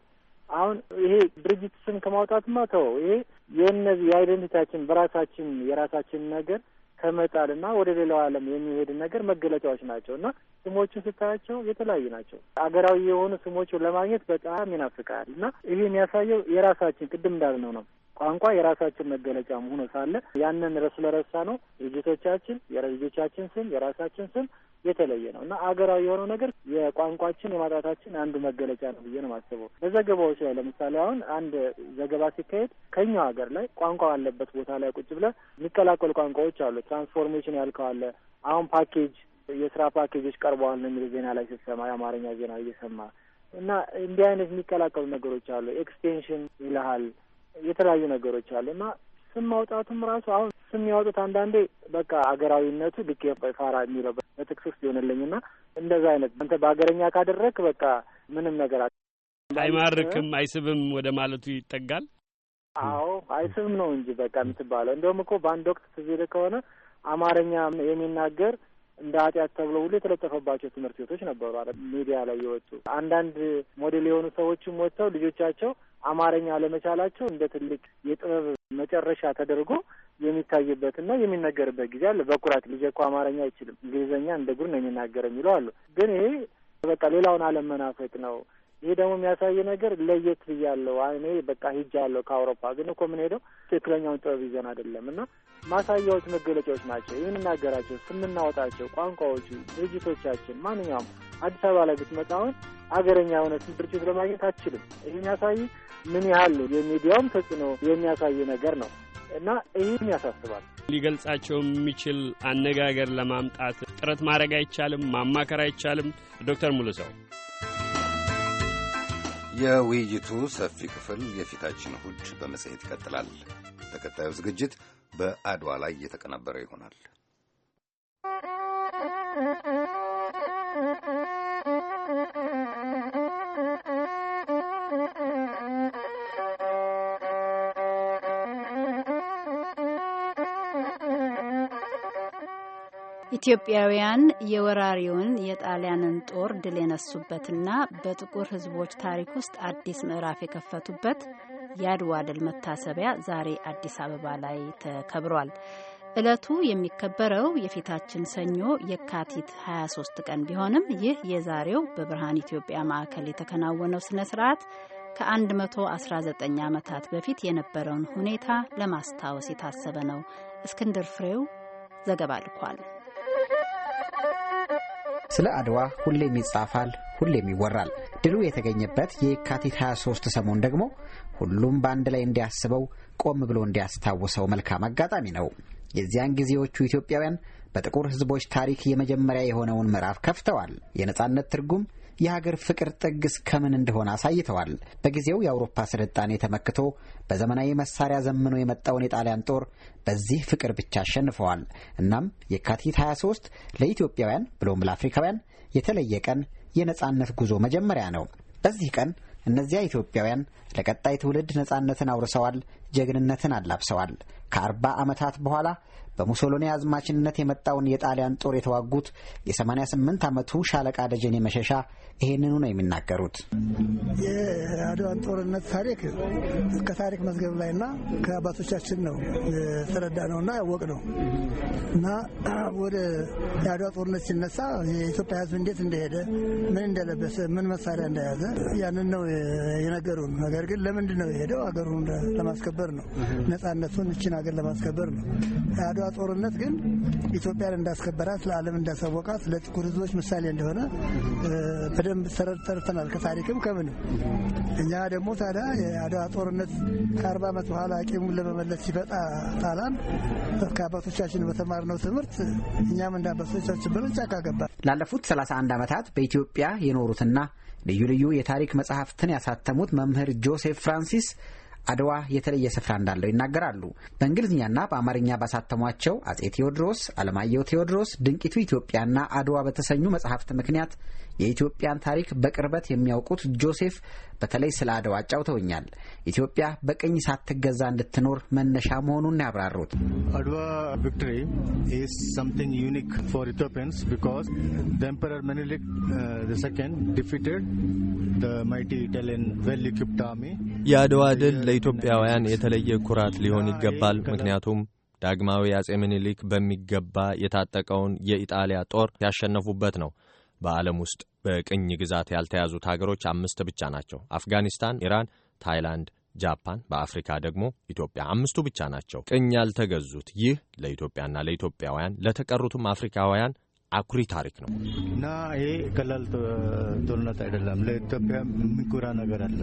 አሁን ይሄ ድርጅት ስም ከማውጣትማ ተወው። ይሄ የእነዚህ የአይደንቲታችን በራሳችን የራሳችን ነገር ከመጣልና ወደ ሌላው ዓለም የሚሄድ ነገር መገለጫዎች ናቸው እና ስሞቹን ስታያቸው የተለያዩ ናቸው። አገራዊ የሆኑ ስሞቹን ለማግኘት በጣም ይናፍቃል እና ይሄ የሚያሳየው የራሳችን ቅድም እንዳልነው ነው ቋንቋ የራሳችን መገለጫ መሆኑ ሳለ ያንን ረሱ ለረሳ ነው ድርጅቶቻችን የልጆቻችን ስም የራሳችን ስም የተለየ ነው እና አገራዊ የሆነው ነገር የቋንቋችን የማጣታችን አንዱ መገለጫ ነው ብዬ ነው የማስበው። በዘገባዎች ላይ ለምሳሌ አሁን አንድ ዘገባ ሲካሄድ ከኛው ሀገር ላይ ቋንቋ ባለበት ቦታ ላይ ቁጭ ብለ የሚቀላቀሉ ቋንቋዎች አሉ። ትራንስፎርሜሽን ያልከው አለ። አሁን ፓኬጅ የስራ ፓኬጆች ቀርበዋል ነው የሚል ዜና ላይ ስትሰማ የአማርኛ ዜና እየሰማ እና እንዲህ አይነት የሚቀላቀሉ ነገሮች አሉ። ኤክስቴንሽን ይልሃል የተለያዩ ነገሮች አሉ እና ስም ማውጣቱም ራሱ አሁን ስም ያወጡት አንዳንዴ በቃ አገራዊነቱ ልክ ፋራ የሚለው ውስጥ ሊሆንልኝ እና እንደዛ አይነት አንተ በሀገረኛ ካደረግ በቃ ምንም ነገር አይማርክም፣ አይስብም ወደ ማለቱ ይጠጋል። አዎ አይስብም ነው እንጂ በቃ የምትባለው። እንደውም እኮ በአንድ ወቅት ትዝ ከሆነ አማርኛ የሚናገር እንደ ኃጢአት ተብሎ ሁሉ የተለጠፈባቸው ትምህርት ቤቶች ነበሩ። ሚዲያ ላይ የወጡ አንዳንድ ሞዴል የሆኑ ሰዎችም ወጥተው ልጆቻቸው አማርኛ አለመቻላቸው እንደ ትልቅ የጥበብ መጨረሻ ተደርጎ የሚታይበትና የሚነገርበት ጊዜ አለ። በኩራት ልጄ እኮ አማርኛ አይችልም እንግሊዝኛ እንደ ጉር ነው የሚናገር የሚለው አሉ። ግን ይሄ በቃ ሌላውን ዓለም መናፈቅ ነው። ይህ ደግሞ የሚያሳይ ነገር ለየት ብያለሁ እኔ በቃ ሂጃለሁ ከአውሮፓ ግን እኮ የምንሄደው ትክክለኛውን ጥበብ ይዘን አይደለም እና ማሳያዎች መገለጫዎች ናቸው። የምንናገራቸው ስምናወጣቸው ቋንቋዎቹ፣ ድርጅቶቻችን፣ ማንኛውም አዲስ አበባ ላይ ብትመጣ አሁን አገረኛ የሆነ ስም ድርጅት ለማግኘት አችልም። ይህ የሚያሳይ ምን ያህል የሚዲያውም ተጽዕኖ የሚያሳይ ነገር ነው እና ይህም ያሳስባል። ሊገልጻቸው የሚችል አነጋገር ለማምጣት ጥረት ማድረግ አይቻልም፣ ማማከር አይቻልም። ዶክተር ሙሉ ሰው የውይይቱ ሰፊ ክፍል የፊታችን እሁድ በመጽሔት ይቀጥላል። ተከታዩ ዝግጅት በአድዋ ላይ የተቀናበረ ይሆናል። Thank you. ኢትዮጵያውያን የወራሪውን የጣሊያንን ጦር ድል የነሱበትና በጥቁር ሕዝቦች ታሪክ ውስጥ አዲስ ምዕራፍ የከፈቱበት የአድዋ ድል መታሰቢያ ዛሬ አዲስ አበባ ላይ ተከብሯል። ዕለቱ የሚከበረው የፊታችን ሰኞ የካቲት 23 ቀን ቢሆንም ይህ የዛሬው በብርሃን ኢትዮጵያ ማዕከል የተከናወነው ስነ ስርዓት ከ119 ዓመታት በፊት የነበረውን ሁኔታ ለማስታወስ የታሰበ ነው። እስክንድር ፍሬው ዘገባ ልኳል። ስለ አድዋ ሁሌም ይጻፋል፣ ሁሌም ይወራል። ድሉ የተገኘበት የካቲት 23 ሰሞን ደግሞ ሁሉም በአንድ ላይ እንዲያስበው ቆም ብሎ እንዲያስታውሰው መልካም አጋጣሚ ነው። የዚያን ጊዜዎቹ ኢትዮጵያውያን በጥቁር ሕዝቦች ታሪክ የመጀመሪያ የሆነውን ምዕራፍ ከፍተዋል። የነጻነት ትርጉም የሀገር ፍቅር ጥግ እስከምን እንደሆነ አሳይተዋል። በጊዜው የአውሮፓ ስልጣኔ ተመክቶ በዘመናዊ መሳሪያ ዘምኖ የመጣውን የጣሊያን ጦር በዚህ ፍቅር ብቻ አሸንፈዋል። እናም የካቲት 23 ለኢትዮጵያውያን ብሎም ለአፍሪካውያን የተለየ ቀን፣ የነጻነት ጉዞ መጀመሪያ ነው። በዚህ ቀን እነዚያ ኢትዮጵያውያን ለቀጣይ ትውልድ ነጻነትን አውርሰዋል፣ ጀግንነትን አላብሰዋል። ከአርባ ዓመታት በኋላ በሙሶሎኒ አዝማችነት የመጣውን የጣሊያን ጦር የተዋጉት የ88 ዓመቱ ሻለቃ ደጀኔ መሸሻ ይህንኑ ነው የሚናገሩት። የአድዋን ጦርነት ታሪክ ከታሪክ መዝገብ ላይና ከአባቶቻችን ነው የተረዳ ነው እና ያወቅ ነው እና ወደ የአድዋ ጦርነት ሲነሳ የኢትዮጵያ ሕዝብ እንዴት እንደሄደ፣ ምን እንደለበሰ፣ ምን መሳሪያ እንደያዘ ያንን ነው የነገሩን። ነገር ግን ለምንድን ነው የሄደው? ሀገሩን ለማስከበር ነው፣ ነፃነቱን እችን ሀገር ለማስከበር ነው። የአድዋ ጦርነት ግን ኢትዮጵያን እንዳስከበራት ለዓለም እንዳሳወቃት ለጥቁር ሕዝቦች ምሳሌ እንደሆነ በደንብ ተረድተናል ከታሪክም ከምንም። እኛ ደግሞ ታዲያ የአድዋ ጦርነት ከአርባ ዓመት በኋላ አቂሙን ለመመለስ ሲፈጣ ጣላን ከአባቶቻችን በተማርነው ትምህርት እኛም እንደ አባቶቻችን ብለን ጫካ ላለፉት 31 ዓመታት በኢትዮጵያ የኖሩትና ልዩ ልዩ የታሪክ መጽሐፍትን ያሳተሙት መምህር ጆሴፍ ፍራንሲስ አድዋ የተለየ ስፍራ እንዳለው ይናገራሉ። በእንግሊዝኛና በአማርኛ ባሳተሟቸው አጼ ቴዎድሮስ፣ አለማየሁ ቴዎድሮስ፣ ድንቂቱ ኢትዮጵያና አድዋ በተሰኙ መጽሐፍት ምክንያት የኢትዮጵያን ታሪክ በቅርበት የሚያውቁት ጆሴፍ በተለይ ስለ አድዋ አጫውተውኛል። ኢትዮጵያ በቅኝ ሳትገዛ እንድትኖር መነሻ መሆኑን ያብራሩት አድዋ ቪክቶሪ ኢዝ ሰምቲንግ ዩኒክ ፎር ኢትዮጵያንስ ቢኮዝ ኤምፐረር ምኒልክ ሰከንድ ዲፊትድ ማይቲ ኢታሊያን ዌል አርሚ። የአድዋ ድል ለኢትዮጵያውያን የተለየ ኩራት ሊሆን ይገባል። ምክንያቱም ዳግማዊ አጼ ምኒልክ በሚገባ የታጠቀውን የኢጣሊያ ጦር ያሸነፉበት ነው። በዓለም ውስጥ በቅኝ ግዛት ያልተያዙት ሀገሮች አምስት ብቻ ናቸው። አፍጋኒስታን፣ ኢራን፣ ታይላንድ፣ ጃፓን፣ በአፍሪካ ደግሞ ኢትዮጵያ። አምስቱ ብቻ ናቸው ቅኝ ያልተገዙት። ይህ ለኢትዮጵያና ለኢትዮጵያውያን ለተቀሩትም አፍሪካውያን አኩሪ ታሪክ ነው እና ይሄ ቀላል ጦርነት አይደለም። ለኢትዮጵያ የሚጎራ ነገር አለ።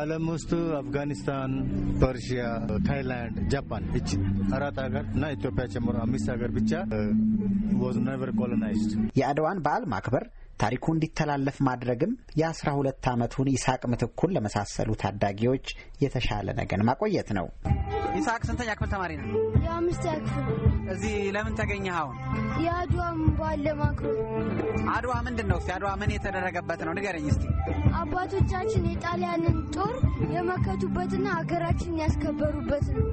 ዓለም ውስጥ አፍጋኒስታን፣ ፐርሺያ፣ ታይላንድ፣ ጃፓን እች አራት ሀገር እና ኢትዮጵያ ጨምሮ አምስት ሀገር ብቻ ወዝ ነቨር ኮሎናይዝድ የአድዋን በዓል ማክበር ታሪኩ እንዲተላለፍ ማድረግም የአስራ ሁለት ዓመቱን ይስሐቅ ምትኩን ለመሳሰሉ ታዳጊዎች የተሻለ ነገን ማቆየት ነው። ይስሐቅ ስንተኛ ክፍል ተማሪ ነው? የአምስት ክፍል። እዚህ ለምን ተገኘህ አሁን? የአድዋ በዓል ለማክበር። አድዋ ምንድን ነው? አድዋ ምን የተደረገበት ነው? ንገረኝ እስቲ። አባቶቻችን የጣሊያንን ጦር የመከቱበትና ሀገራችንን ያስከበሩበት ነው።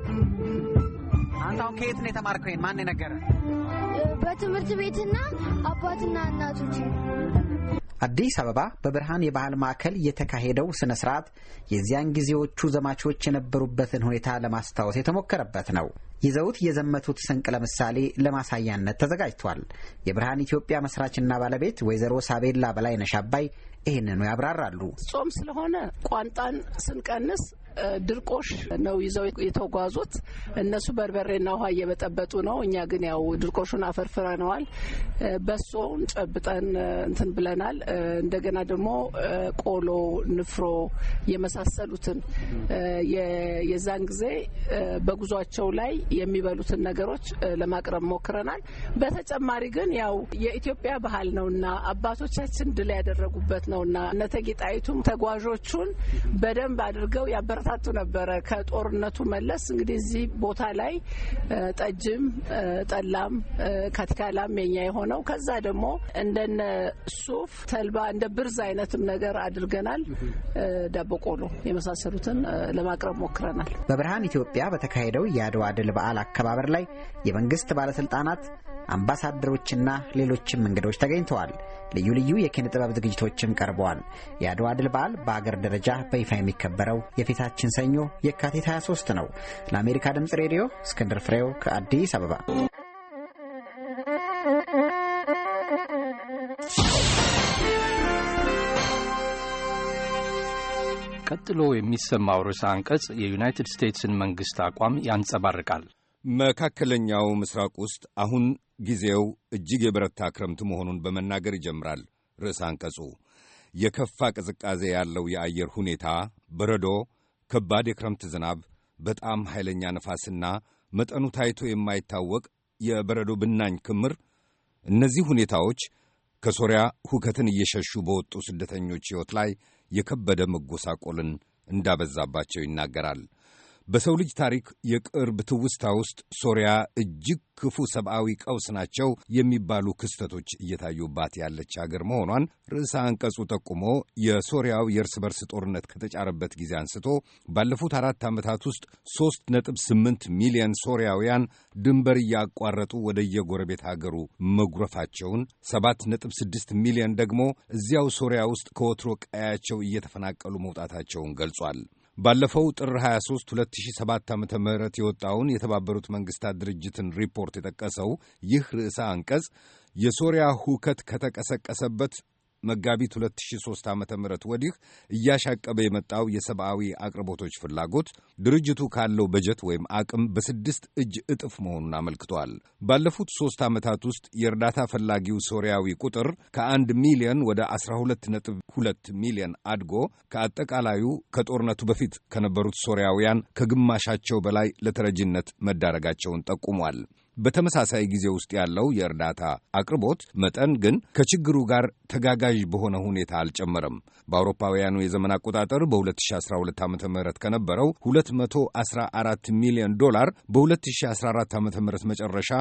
አንተ አሁን ከየት ነው የተማርከው? ይሄን ማን የነገረ? በትምህርት ቤትና አባትና እናቶች። አዲስ አበባ በብርሃን የባህል ማዕከል የተካሄደው ስነ ስርዓት የዚያን ጊዜዎቹ ዘማቾች የነበሩበትን ሁኔታ ለማስታወስ የተሞከረበት ነው። ይዘውት የዘመቱት ስንቅ ለምሳሌ ለማሳያነት ተዘጋጅቷል። የብርሃን ኢትዮጵያ መስራችና ባለቤት ወይዘሮ ሳቤላ በላይነሽ አባይ ይህንኑ ያብራራሉ። ጾም ስለሆነ ቋንጣን ስንቀንስ ድርቆሽ ነው ይዘው የተጓዙት። እነሱ በርበሬና ውሃ እየበጠበጡ ነው። እኛ ግን ያው ድርቆሹን አፈርፍረነዋል። በሶውን ጨብጠን እንትን ብለናል። እንደገና ደግሞ ቆሎ፣ ንፍሮ የመሳሰሉትን የዛን ጊዜ በጉዟቸው ላይ የሚበሉትን ነገሮች ለማቅረብ ሞክረናል። በተጨማሪ ግን ያው የኢትዮጵያ ባህል ነውና አባቶቻችን ድል ያደረጉበት ነውና እነ ተጓዦቹን በደንብ አድርገው ያበረ እያበረታቱ ነበረ። ከጦርነቱ መለስ እንግዲህ እዚህ ቦታ ላይ ጠጅም፣ ጠላም፣ ካቲካላም የኛ የሆነው ከዛ ደግሞ እንደነ ሱፍ፣ ተልባ እንደ ብርዝ አይነትም ነገር አድርገናል። ዳቦቆሎ የመሳሰሉትን ለማቅረብ ሞክረናል። በብርሃን ኢትዮጵያ በተካሄደው የአድዋ ድል በዓል አከባበር ላይ የመንግስት ባለስልጣናት አምባሳደሮችና ሌሎችም እንግዶች ተገኝተዋል። ልዩ ልዩ የኪነ ጥበብ ዝግጅቶችም ቀርበዋል። የአድዋ ድል በዓል በአገር ደረጃ በይፋ የሚከበረው የፊታችን ሰኞ የካቲት 23 ነው። ለአሜሪካ ድምፅ ሬዲዮ እስክንድር ፍሬው ከአዲስ አበባ። ቀጥሎ የሚሰማው ርዕሰ አንቀጽ የዩናይትድ ስቴትስን መንግሥት አቋም ያንጸባርቃል። መካከለኛው ምስራቅ ውስጥ አሁን ጊዜው እጅግ የበረታ ክረምት መሆኑን በመናገር ይጀምራል ርዕስ አንቀጹ። የከፋ ቅዝቃዜ ያለው የአየር ሁኔታ፣ በረዶ፣ ከባድ የክረምት ዝናብ፣ በጣም ኃይለኛ ነፋስና መጠኑ ታይቶ የማይታወቅ የበረዶ ብናኝ ክምር፣ እነዚህ ሁኔታዎች ከሶሪያ ሁከትን እየሸሹ በወጡ ስደተኞች ሕይወት ላይ የከበደ መጎሳቆልን እንዳበዛባቸው ይናገራል። በሰው ልጅ ታሪክ የቅርብ ትውስታ ውስጥ ሶሪያ እጅግ ክፉ ሰብአዊ ቀውስ ናቸው የሚባሉ ክስተቶች እየታዩባት ያለች አገር መሆኗን ርዕሰ አንቀጹ ጠቁሞ የሶሪያው የእርስ በርስ ጦርነት ከተጫረበት ጊዜ አንስቶ ባለፉት አራት ዓመታት ውስጥ ሦስት ነጥብ ስምንት ሚሊዮን ሶሪያውያን ድንበር እያቋረጡ ወደ የጎረቤት አገሩ መጉረፋቸውን፣ ሰባት ነጥብ ስድስት ሚሊዮን ደግሞ እዚያው ሶሪያ ውስጥ ከወትሮ ቀያቸው እየተፈናቀሉ መውጣታቸውን ገልጿል። ባለፈው ጥር 23 2007 ዓ ም የወጣውን የተባበሩት መንግስታት ድርጅትን ሪፖርት የጠቀሰው ይህ ርዕሰ አንቀጽ የሶሪያ ሁከት ከተቀሰቀሰበት መጋቢት 2003 ዓ ም ወዲህ እያሻቀበ የመጣው የሰብአዊ አቅርቦቶች ፍላጎት ድርጅቱ ካለው በጀት ወይም አቅም በስድስት እጅ እጥፍ መሆኑን አመልክቷል። ባለፉት ሦስት ዓመታት ውስጥ የእርዳታ ፈላጊው ሶሪያዊ ቁጥር ከአንድ ሚሊዮን ወደ 12.2 ሚሊዮን አድጎ ከአጠቃላዩ ከጦርነቱ በፊት ከነበሩት ሶሪያውያን ከግማሻቸው በላይ ለተረጂነት መዳረጋቸውን ጠቁሟል። በተመሳሳይ ጊዜ ውስጥ ያለው የእርዳታ አቅርቦት መጠን ግን ከችግሩ ጋር ተጋጋዥ በሆነ ሁኔታ አልጨመረም። በአውሮፓውያኑ የዘመን አቆጣጠር በ2012 ዓ ም ከነበረው 214 ሚሊዮን ዶላር በ2014 ዓ ም መጨረሻ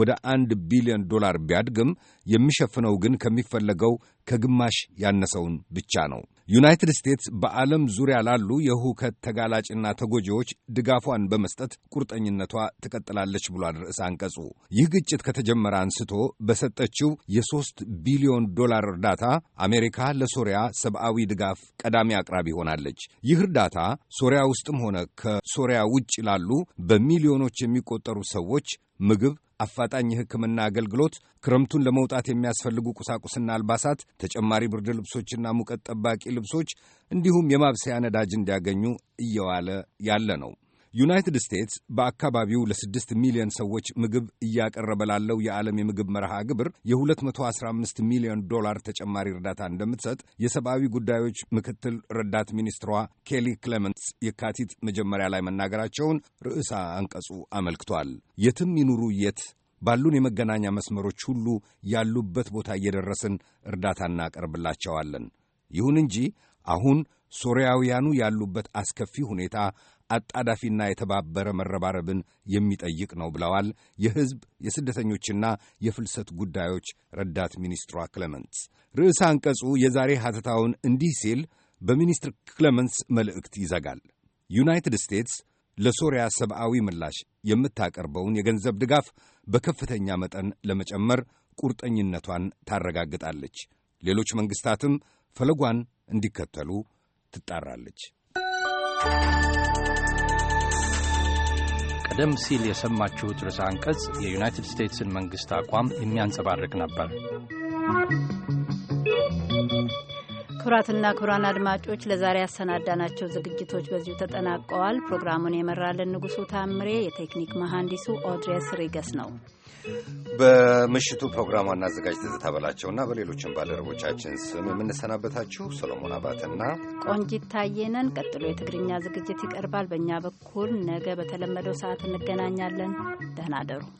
ወደ 1 ቢሊዮን ዶላር ቢያድግም የሚሸፍነው ግን ከሚፈለገው ከግማሽ ያነሰውን ብቻ ነው። ዩናይትድ ስቴትስ በዓለም ዙሪያ ላሉ የሁከት ተጋላጭና ተጎጂዎች ድጋፏን በመስጠት ቁርጠኝነቷ ትቀጥላለች ብሏል ርዕስ አንቀጹ። ይህ ግጭት ከተጀመረ አንስቶ በሰጠችው የሦስት ቢሊዮን ዶላር እርዳታ አሜሪካ ለሶሪያ ሰብአዊ ድጋፍ ቀዳሚ አቅራቢ ሆናለች። ይህ እርዳታ ሶሪያ ውስጥም ሆነ ከሶሪያ ውጭ ላሉ በሚሊዮኖች የሚቆጠሩ ሰዎች ምግብ፣ አፋጣኝ የሕክምና አገልግሎት፣ ክረምቱን ለመውጣት የሚያስፈልጉ ቁሳቁስና አልባሳት፣ ተጨማሪ ብርድ ልብሶችና ሙቀት ጠባቂ ልብሶች እንዲሁም የማብሰያ ነዳጅ እንዲያገኙ እየዋለ ያለ ነው። ዩናይትድ ስቴትስ በአካባቢው ለስድስት ሚሊዮን ሰዎች ምግብ እያቀረበ ላለው የዓለም የምግብ መርሃ ግብር የ215 ሚሊዮን ዶላር ተጨማሪ እርዳታ እንደምትሰጥ የሰብአዊ ጉዳዮች ምክትል ረዳት ሚኒስትሯ ኬሊ ክሌመንስ የካቲት መጀመሪያ ላይ መናገራቸውን ርዕሰ አንቀጹ አመልክቷል። የትም ይኑሩ የት ባሉን የመገናኛ መስመሮች ሁሉ ያሉበት ቦታ እየደረስን እርዳታ እናቀርብላቸዋለን። ይሁን እንጂ አሁን ሶርያውያኑ ያሉበት አስከፊ ሁኔታ አጣዳፊና የተባበረ መረባረብን የሚጠይቅ ነው ብለዋል የሕዝብ የስደተኞችና የፍልሰት ጉዳዮች ረዳት ሚኒስትሯ ክለመንትስ። ርዕሰ አንቀጹ የዛሬ ሐተታውን እንዲህ ሲል በሚኒስትር ክለመንትስ መልእክት ይዘጋል። ዩናይትድ ስቴትስ ለሶሪያ ሰብአዊ ምላሽ የምታቀርበውን የገንዘብ ድጋፍ በከፍተኛ መጠን ለመጨመር ቁርጠኝነቷን ታረጋግጣለች። ሌሎች መንግሥታትም ፈለጓን እንዲከተሉ ትጣራለች። ቀደም ሲል የሰማችሁት ርዕሰ አንቀጽ የዩናይትድ ስቴትስን መንግሥት አቋም የሚያንጸባርቅ ነበር። ክቡራትና ክቡራን አድማጮች ለዛሬ ያሰናዳናቸው ዝግጅቶች በዚሁ ተጠናቀዋል። ፕሮግራሙን የመራልን ንጉሱ ታምሬ፣ የቴክኒክ መሐንዲሱ ኦድሬስ ሪገስ ነው። በምሽቱ ፕሮግራም ዋና አዘጋጅ ትዝታ በላቸውና በሌሎችን ባልደረቦቻችን ስም የምንሰናበታችሁ ሰሎሞን አባትና ቆንጂት ታየነን። ቀጥሎ የትግርኛ ዝግጅት ይቀርባል። በእኛ በኩል ነገ በተለመደው ሰዓት እንገናኛለን። ደህና ደሩ።